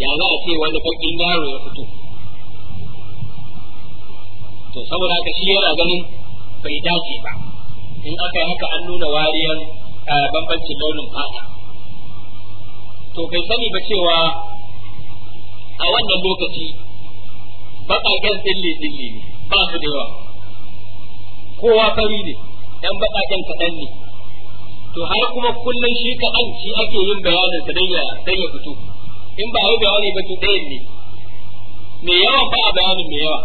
ya za a ce wani bakin yaro ya fito to saboda haka shi yana ganin bai dace ba in aka yi haka an nuna wariyar bambancin launin fata to bai sani ba cewa a wannan lokaci baƙaƙen dilli dilli ne ba su da yawa kowa fari ne dan baƙaƙen kaɗan ne to har kuma kullum shi kaɗan shi ake yin bayanin sa dan ya dan ya fito in ba a yi bayani ba to ɗayan ne me yawa ba a bayanin me yawa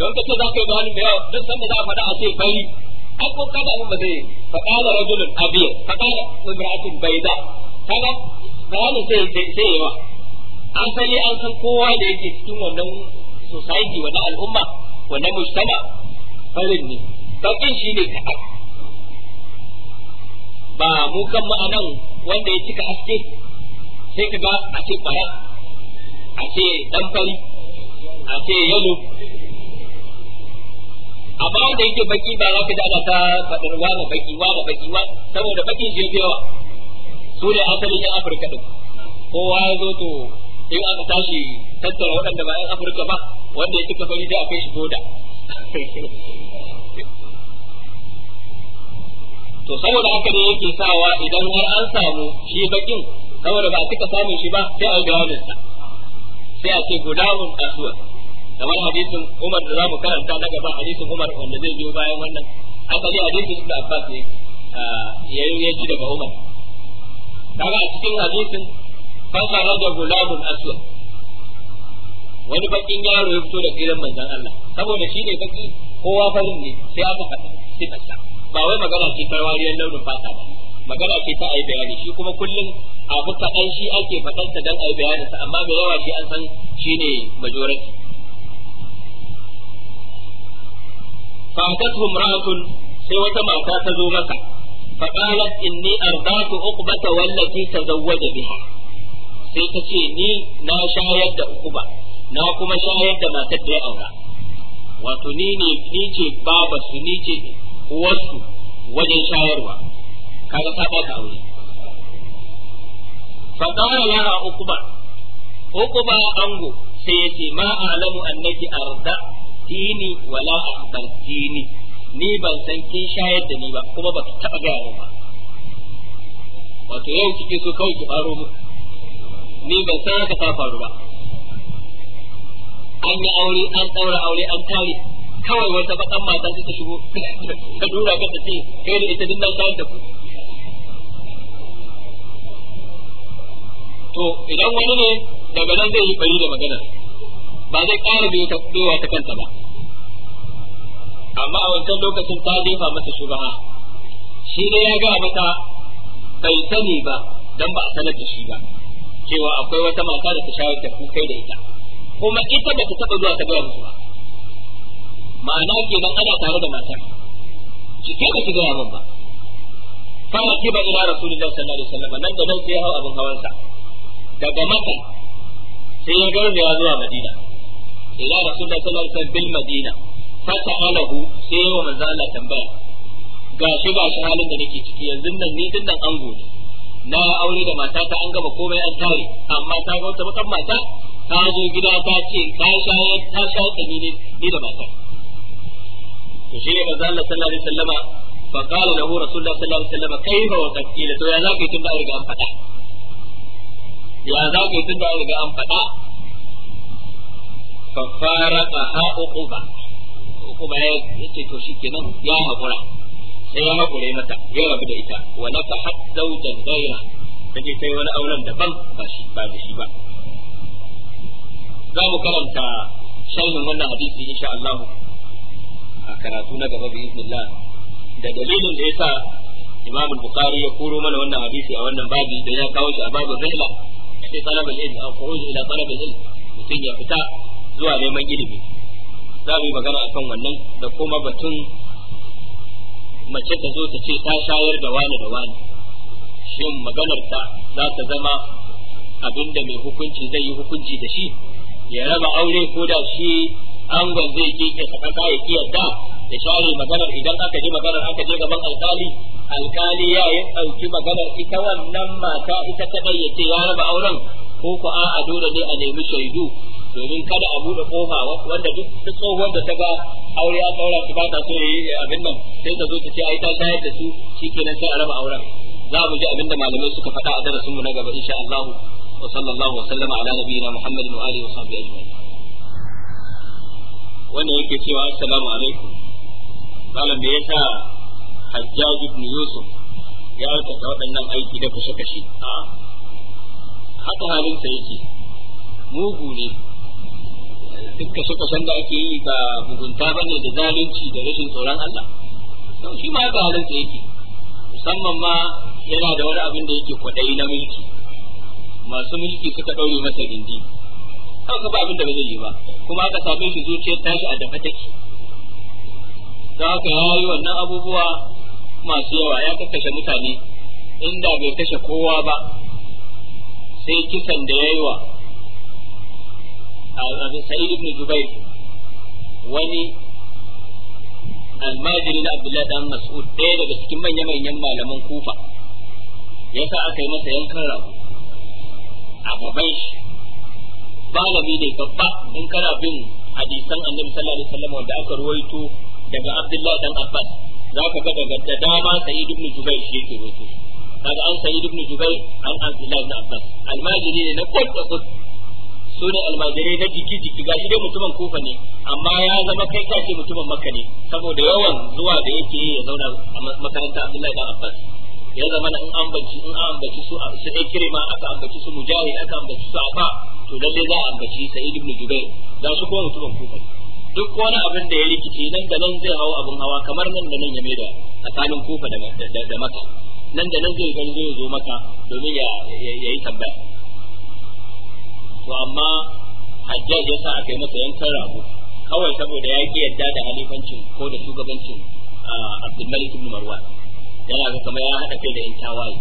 don kace za ka yi bayanin me yawa duk sanda za a faɗa a ce bari ai ko kada mun ba zai faƙala rajulun abiyar da, imra'atun baida kaga bayanin sai sai yawa an sani an san kowa da yake cikin wannan society wannan al'umma wannan mujtama farin ne sauƙin shi ne kaɗan ba mu kan ma'anan wanda ya cika haske sai ka ga a ce ɓara a ce ɗan fari a ce yalo amma wanda yake baki ba za ka ji ana ta faɗin wane baki wane baki wane saboda bakin shi yawa su ne asalin yan afirka ɗin kowa ya zo to in aka tashi tattara waɗanda ba yan afirka ba wanda ya cika fari da akwai shi goda. *laughs* to saboda haka ne yake sawa idan har an samu shi bakin saboda ba a cika samun shi ba sai a gawalin sa sai a ce gudamun asuwa kamar hadisin Umar da zamu karanta na gaba hadisin Umar wanda zai biyo bayan wannan asali hadisin da Abbas ne ya yi ji daga Umar kaga a cikin hadisin fasara da gudamun asuwa wani bakin yaro ya fito da gidan manzon Allah saboda shi ne baki kowa farin ne sai aka faɗi sifarsa ba wai magana ce ta wariyar launin fata ba magana ce ta ayi bayani shi kuma kullum abu kaɗan shi ake faɗansa don ayi bayani sa amma mai yawa shi an san shi ne majority فأتتهم امرأة سوى ماتا تزو مكة فقالت إني أرضعت أقبة wallati tazawwaja biha sai ta ce ni na shayar da uquba na kuma shayar da matar da ya aura wato ni ne ni ce baba su ni ce uwarsu wajen shayarwa kaga ta ba aure fa qala laha uqba uqba ango sai yace ma a'lamu annaki arda tini wala tini ni ban san kin shayar da ni ba kuma ba ki taba gaya ba wato yau kike so kawai ki faro mu ni ban san ka ta faru ba an yi aure an daura aure an tare kawai wata bakan mata ta shigo ka dura ka ta ce kai ne ita din nan shayar da ku to idan wani ne daga nan zai yi bari da magana ba zai ƙara biyo ta dowa ta kanta ba amma a wancan lokacin ta jefa masa shubaha shi dai ya ga mata bai sani ba dan ba a sanar da shi ba cewa akwai wata mata da ta shayar da ku kai da ita kuma ita ba ta taɓa zuwa ta gaya musu ba ma'ana kenan ana tare da matar ki kai ba ki gaya min ba fa rakiba ila rasulullahi sallallahu alaihi wasallam nan da nan sai hawa abin sa. daga maka sai ya ya zuwa madina ila rasulullahi sallallahu alaihi wasallam bil madina fata alahu sai ya manzo Allah tambaya gashi shi halin da nake ciki yanzu nan ni din nan ango ne na aure da mata ta an gaba komai an tare amma ta ga wata bakan mata ta zo gida ta ce ka sha ta sha ta ni ne ni da matar to shine manzo Allah sallallahu alaihi wasallama fa qala lahu rasulullah sallallahu alaihi wasallama wa qila to ya zaka an riga an ya zaka an riga an fa faraka ha uquba uquba ya to shikenan ya hakura sai ya hakure mata ya rabu da ita wa zawjan ghayra kaje sai wani auren daban ba shi ba da shi ba za mu karanta sharhin wannan hadisi insha Allah a karatu na gaba bi iznillah da dalilin da yasa Imam Bukhari ya koro mana wannan hadisi a wannan babi da ya kawo shi a babu zaila sai talab al-ilm aw khuruj ila talab al-ilm mutum ya fita zuwa neman ilimi za mu yi magana akan wannan da kuma batun mace ta zo ta ce ta shayar da wani da wani shin maganar ta za ta zama abinda mai hukunci zai yi hukunci da shi ya raba aure ko da shi angon zai kike sadaka ya kiyarda da share maganar idan aka ji maganar aka je gaban alkali alkali ya yi ɗauki maganar ita wannan mata ita kadai ya ce ya raba auren ko ku a a dole ne a nemi shaidu domin kada a buɗe kofa wanda duk tsohuwar da ta ga aure a ɗaura su ba ta so ya yi abin nan sai ta zo ta ce ai ta shayar da su shikenan sai a raba auren za mu ji abin da malamai suka faɗa a darasinmu na gaba insha Allah wa sallallahu wa sallama ala nabiyina Muhammadin wa alihi wa sahbihi ajma'in wanda yake cewa assalamu alaikum malam me yasa Hajjaj ibn Yusuf ya aikata waɗannan aiki da kashe-kashe a haka halinsa yake mugu ne duk kashe-kashen da ake yi ba mugunta ba ne da zalunci da rashin tsoron Allah to shi ma haka halinsa yake musamman ma yana da wani abin da yake kwaɗayi na mulki masu mulki suka ɗaure masa gindi ka ba abin da ba zai yi ba kuma aka same shi zuciyar tashi a dafa take don haka ya yi wannan abubuwa masu yawa ya kakkashe mutane inda bai kashe kowa ba sai kisan da ya yi wa abin sa'id ibn jubair wani almajiri na abdullahi dan mas'ud ɗaya daga cikin manya-manyan malaman kufa yasa aka yi masa yankan rabu a gaban shi malami ne babba in kana bin hadisan annabi sallallahu alaihi wasallam wanda aka ruwaito daga Abdullahi dan Abbas za ka ga daga da dama sai ibn Jubair shi ke ruwaito daga an sai ibn Jubair an Abdullahi dan Abbas almajiri ne na kwatta su sunan almajiri na jiki jiki ga shi dai mutumin kufa ne amma ya zama kai ka ce mutumin makka ne saboda yawan zuwa da yake ya zauna a makaranta Abdullahi dan Abbas ya zama in ambaci in ambaci su su kirma aka ambaci su mujahid aka ambaci su a ba to lalle za a ambaci sa'id ibn jubair za su kuma mutumin kufa duk wani abin da ya rikice nan da nan zai hawo abin hawa kamar nan da nan ya maida tsakanin kufa da da maka nan da nan zai kan zo zo maka domin ya yi tabbai to amma hajjaj ya sa aka yi masa yankan rago kawai saboda ya ki yadda da halifancin ko da shugabancin ah, Abdullahi ibn Marwan yana ga kamar ya haɗa kai da yan tawaye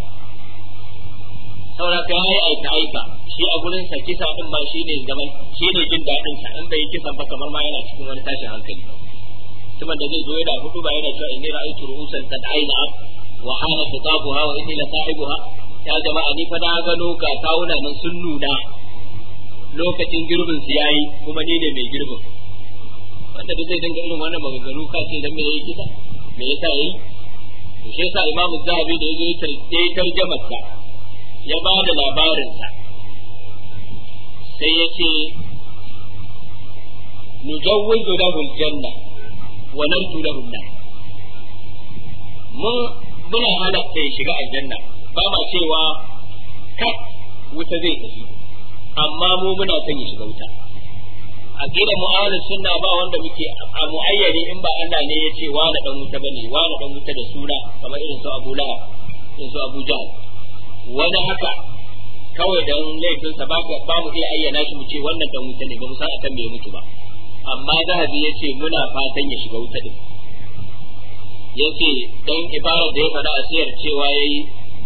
saboda ka yi aika aika shi a gurin sa kisa din ba shine zaman ne jin dadin sa in bai kisa ba kamar ma yana cikin wani tashin hankali kuma da zai zo yana hudu ba yana cewa inni ra'aytu ru'usan ta aina wa hana khitabuha wa inni la sahibuha ya jama'a ni fa na gano ka kawuna nan sun nuna lokacin girbin su yayi kuma ni ne mai girbin wanda duk zai dinga irin wannan maganganu ka ce dan me yayi kisa me yasa yayi to shi yasa imamu zahabi da yazo ya tarjama ta ya ba da labarinsa sai ya ce da lahul janna wa nartu lahul nar mun muna halatta ya shiga aljanna ba ma cewa kat wuta zai tafi amma mu muna son ya shiga wuta A aqida mu'alif sunna ba wanda muke a muayyari in ba Allah ne ya ce wa na dan wuta bane na dan wuta da suna kamar irin su Abu Lahab irin su Abu Jahl wani haka kawai don laifinsa ba ba mu iya ayyana shi mu ce wannan dan wuta ne ba mu san akan me ya mutu ba amma zahabi ya ce muna fatan ya shiga wuta din ya ce dan ibarar da ya faɗa a siyar cewa ya yi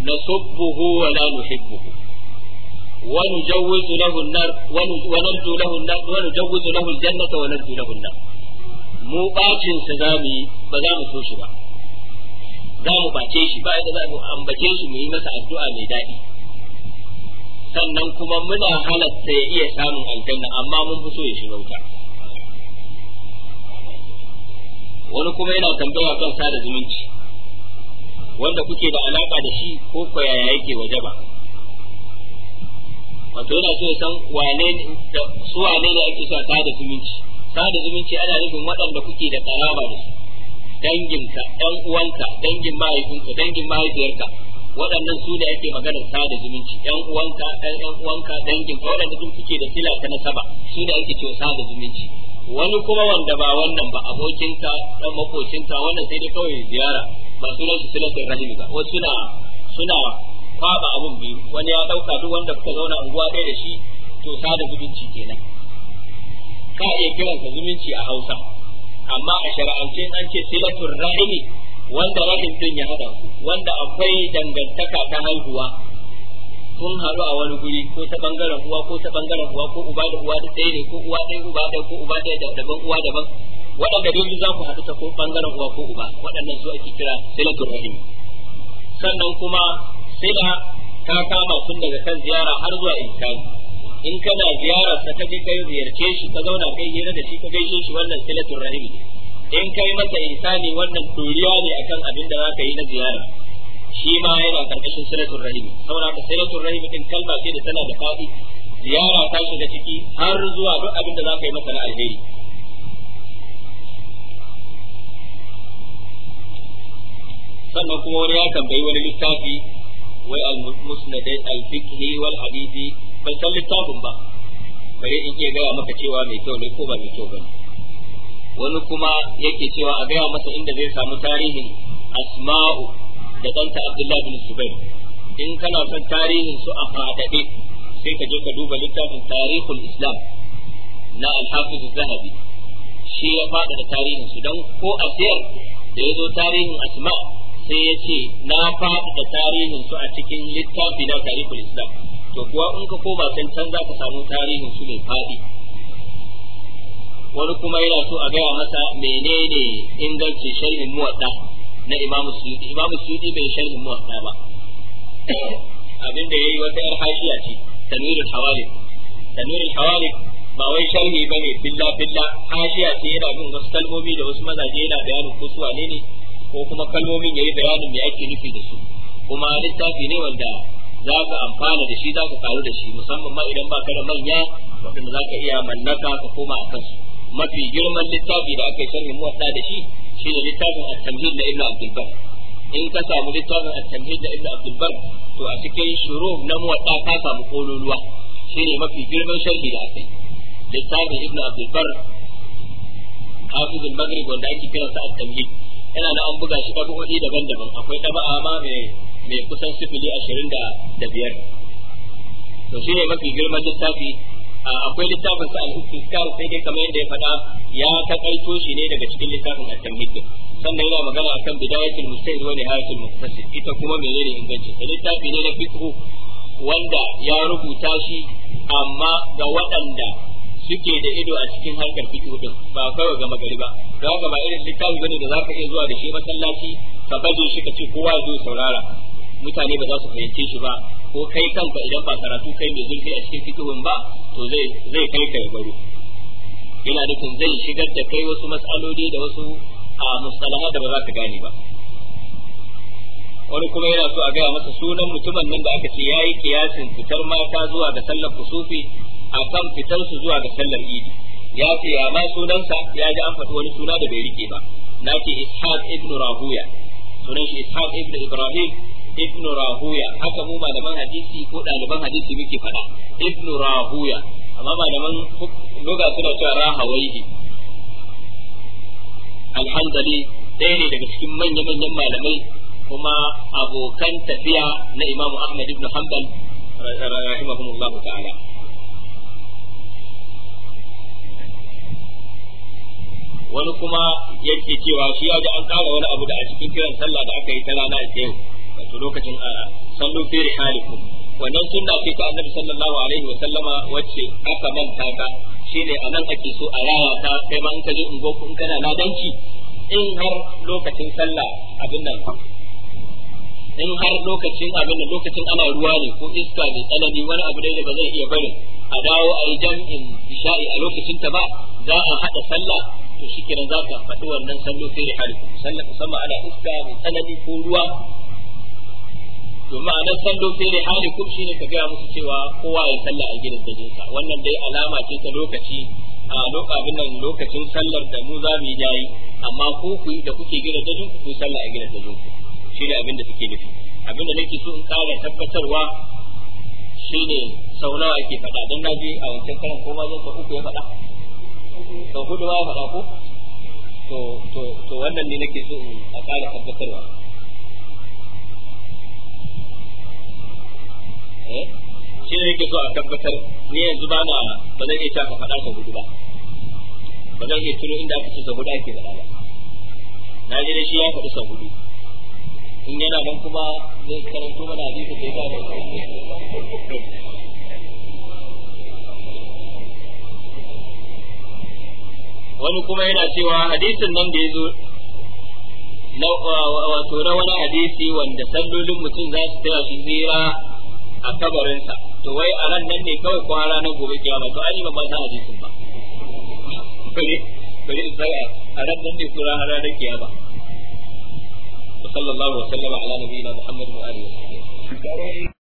na subbuhu wa la nuhibbuhu wa nujawwizu lahu an-nar wa narju lahu an-nar wa nujawwizu lahu al-jannata wa narju lahu an-nar mu bacin sa zamu ba za mu so shi ba za mu bace shi ba yadda za mu ambace shi mu yi masa addu'a mai daɗi sannan kuma muna halatta ya iya samun aljanna amma mun fi so ya shiga wuta wani kuma yana tambaya kan sada zumunci wanda kuke da alaka da shi ko ko yaya yake waje ba wato yana so ya san wane su wane ne ake so a sada zumunci sada zumunci ana nufin waɗanda kuke da karaba da su danginka ɗan uwanka dangin mahaifinka dangin mahaifiyarka waɗannan su ne ake maganar sa da zumunci ɗan uwanka ɗan ɗan uwanka dangin ka waɗanda duk suke da sila ta nasaba su ne ake cewa sa da zumunci wani kuma wanda ba wannan ba abokinka ɗan makocinka wannan sai dai kawai ziyara ba sunan su ta rahimi ba wasu suna suna kwaba abun biyu wani ya ɗauka duk wanda kuka zauna unguwa ɗaya da shi to sa da zumunci kenan ka iya kiransa zumunci a Hausa amma a shara'ance an ce silatul rahimi wanda rahim din ya hada su wanda akwai dangantaka ta haihuwa sun haɗu a wani guri ko ta bangaren uwa ko ta bangaren uwa ko uba da uwa da ɗaya ne ko uwa ɗaya uba ɗaya ko uba ɗaya daban uwa daban waɗanda dai za ku haɗu ta ko bangaren uwa ko uba waɗannan su ake kira silatul rahim sannan kuma sila ta kama sun daga kan ziyara har zuwa inkari in kana ziyara ta kaje kai ziyarce shi ka zauna kai hira da shi ka gaishe shi wannan silatul rahim in kai masa insani wannan doriya ne akan abin da zaka yi na ziyara shi ma yana karkashin silatul rahim saboda haka silatul rahim din kalma ce da tana da fadi ziyara ta shiga ciki har zuwa duk abin da zaka yi masa na alheri sannan kuma wani ya tambayi wani littafi wai al-musnadai al-fiqhi wal hadithi ban san littafin ba bare in iya gaya maka cewa mai kyau ne ko ba mai kyau ba wani kuma yake cewa a gaya masa inda zai samu tarihin asma'u da ɗanta abdullahi bin zubair in kana son tarihin su a faɗaɗe sai ka je ka duba littafin tarihul islam na alhafiz zahabi shi ya faɗa da tarihin su don ko a siyar da ya zo tarihin asma sai ya ce na faɗa da tarihin su a cikin littafin na tarihul islam to kuwa in ka koma can can za ka samu tarihin su mai faɗi wani kuma yana so a gaya masa menene ingancin sharhin muwadda na imamu suyuti imamu suyuti bai sharhin muwadda ba abin da yayi wata yar hashiya ce tanwirul hawali tanwirul hawali ba wai sharhi bane billa billa hashiya ce yana bin wasu kalmomi da wasu mazaje yana bayanin ko su wane ne ko kuma kalmomin yayi bayanin me ake nufi da su kuma littafi ne wanda za ka amfana da shi za ka karu da shi musamman ma idan ba ka da manya waɗanda za ka iya mallaka ka koma a kansu mafi girman littafi da aka yi sharhin muwadda da shi shi ne littafin at-tamhid na ibnu abdul bar in ka samu littafin at-tamhid na ibnu abdul bar to a cikin shuru na muwadda ka samu kololuwa shi ne mafi girman sharhi da aka yi littafin ibnu abdul bar hafiz al-maghrib wanda ake kiransa at-tamhid yana da an buga shi dabi'o'i daban-daban akwai daba'a ma mai mai kusan sifili ashirin da biyar to shi ne mafi girman littafi akwai littafin sa al sai dai kamar yadda ya faɗa ya takaito shi ne daga cikin littafin at-tamhid sannan yana magana akan bidayatul mustahid wa nihayatul muqtasid ita kuma menene inganci Da littafi ne na fiqh wanda ya rubuta shi amma ga waɗanda suke da ido a cikin harkar fiqh din ba kawai ga magari ba don haka ba irin littafi bane da zaka iya zuwa da shi masallaci ka baje shi ka ce kowa zo saurara mutane ba za su fahimce shi ba ko kai kanka idan ba karatu kai mai zurfi a cikin fikihun ba to zai zai kai ka baro ina nufin zai shigar da kai wasu matsaloli da wasu a musalama da ba za ka gane ba wani kuma yana so a gaya masa sunan mutumin nan da aka ce ya yi kiyasin fitar mata zuwa ga sallar kusufi a kan fitar su zuwa ga sallar idi ya ce ya ma sunansa ya ji an faɗi wani suna da bai rike ba na ce ishaq ibn rahuya sunan shi ishaq ibn ibrahim ibn rahuya haka mu malaman hadisi ko ɗaliban hadisi muke faɗa ibn rahuya amma malaman loga suna cewa rahawaihi alhandali ɗaya ne daga cikin manya-manyan malamai kuma abokan tafiya na imamu ahmad ibn hanbal rahimahumullah ta'ala wani kuma yake cewa shi ya an kawo wani abu da a cikin kiran sallah da aka yi ta rana a yau wato lokacin sallu fi rihalikum wannan sunna ce ta annabi sallallahu alaihi wa sallama wacce aka manta ta shine anan ake so a raya ta kai ma in ka je ungo kun kana na, ladanci in har lokacin sallah abin nan in har lokacin abin da lokacin ana ruwa ne ko iska ne tsanani wani abu ne da ba zai iya barin a dawo a yi jam'in isha'i a lokacin ta ba za a haɗa sallah to shi kenan za ka faɗi wannan sallo sai da hali sallah musamman ana iska mai tsanani ko ruwa a to ma'anar sallo fi shi shine ka gaya musu cewa kowa ya sallah a gidan dajinsa wannan dai alama ce ta lokaci a lokacin nan lokacin sallar da mu za mu yi amma ku ku da kuke gidan dajin ku ku sallah a gidan dajin ku ne abin da suke nufi abin da nake so in kare tabbatarwa ne sau nawa ake faɗa don na je a wancan karan ko ma zan uku ya faɗa sau hudu ma ya faɗa ko to to to wannan ne nake so in a kare tabbatarwa shi ne yake so a tabbatar ni yanzu ba na ba zan iya ka faɗa ka gudu ba ba zan iya tuno inda aka ce sa hudu ake faɗa ba na ji da shi ya faɗi sa gudu in yana nan kuma zai karanto mana a da ya ba wani kuma yana cewa hadisin nan da ya zo wato na wani hadisi wanda sallolin mutum za su taya su zira a kabarinsa to wai a nan nan ne kawai ko ranar gobe kiyama to an yi ba a jikin ba bari kare in sai a nan nan ne ko ranar kiyama sallallahu alaihi wa sallam ala nabiyina muhammad wa alihi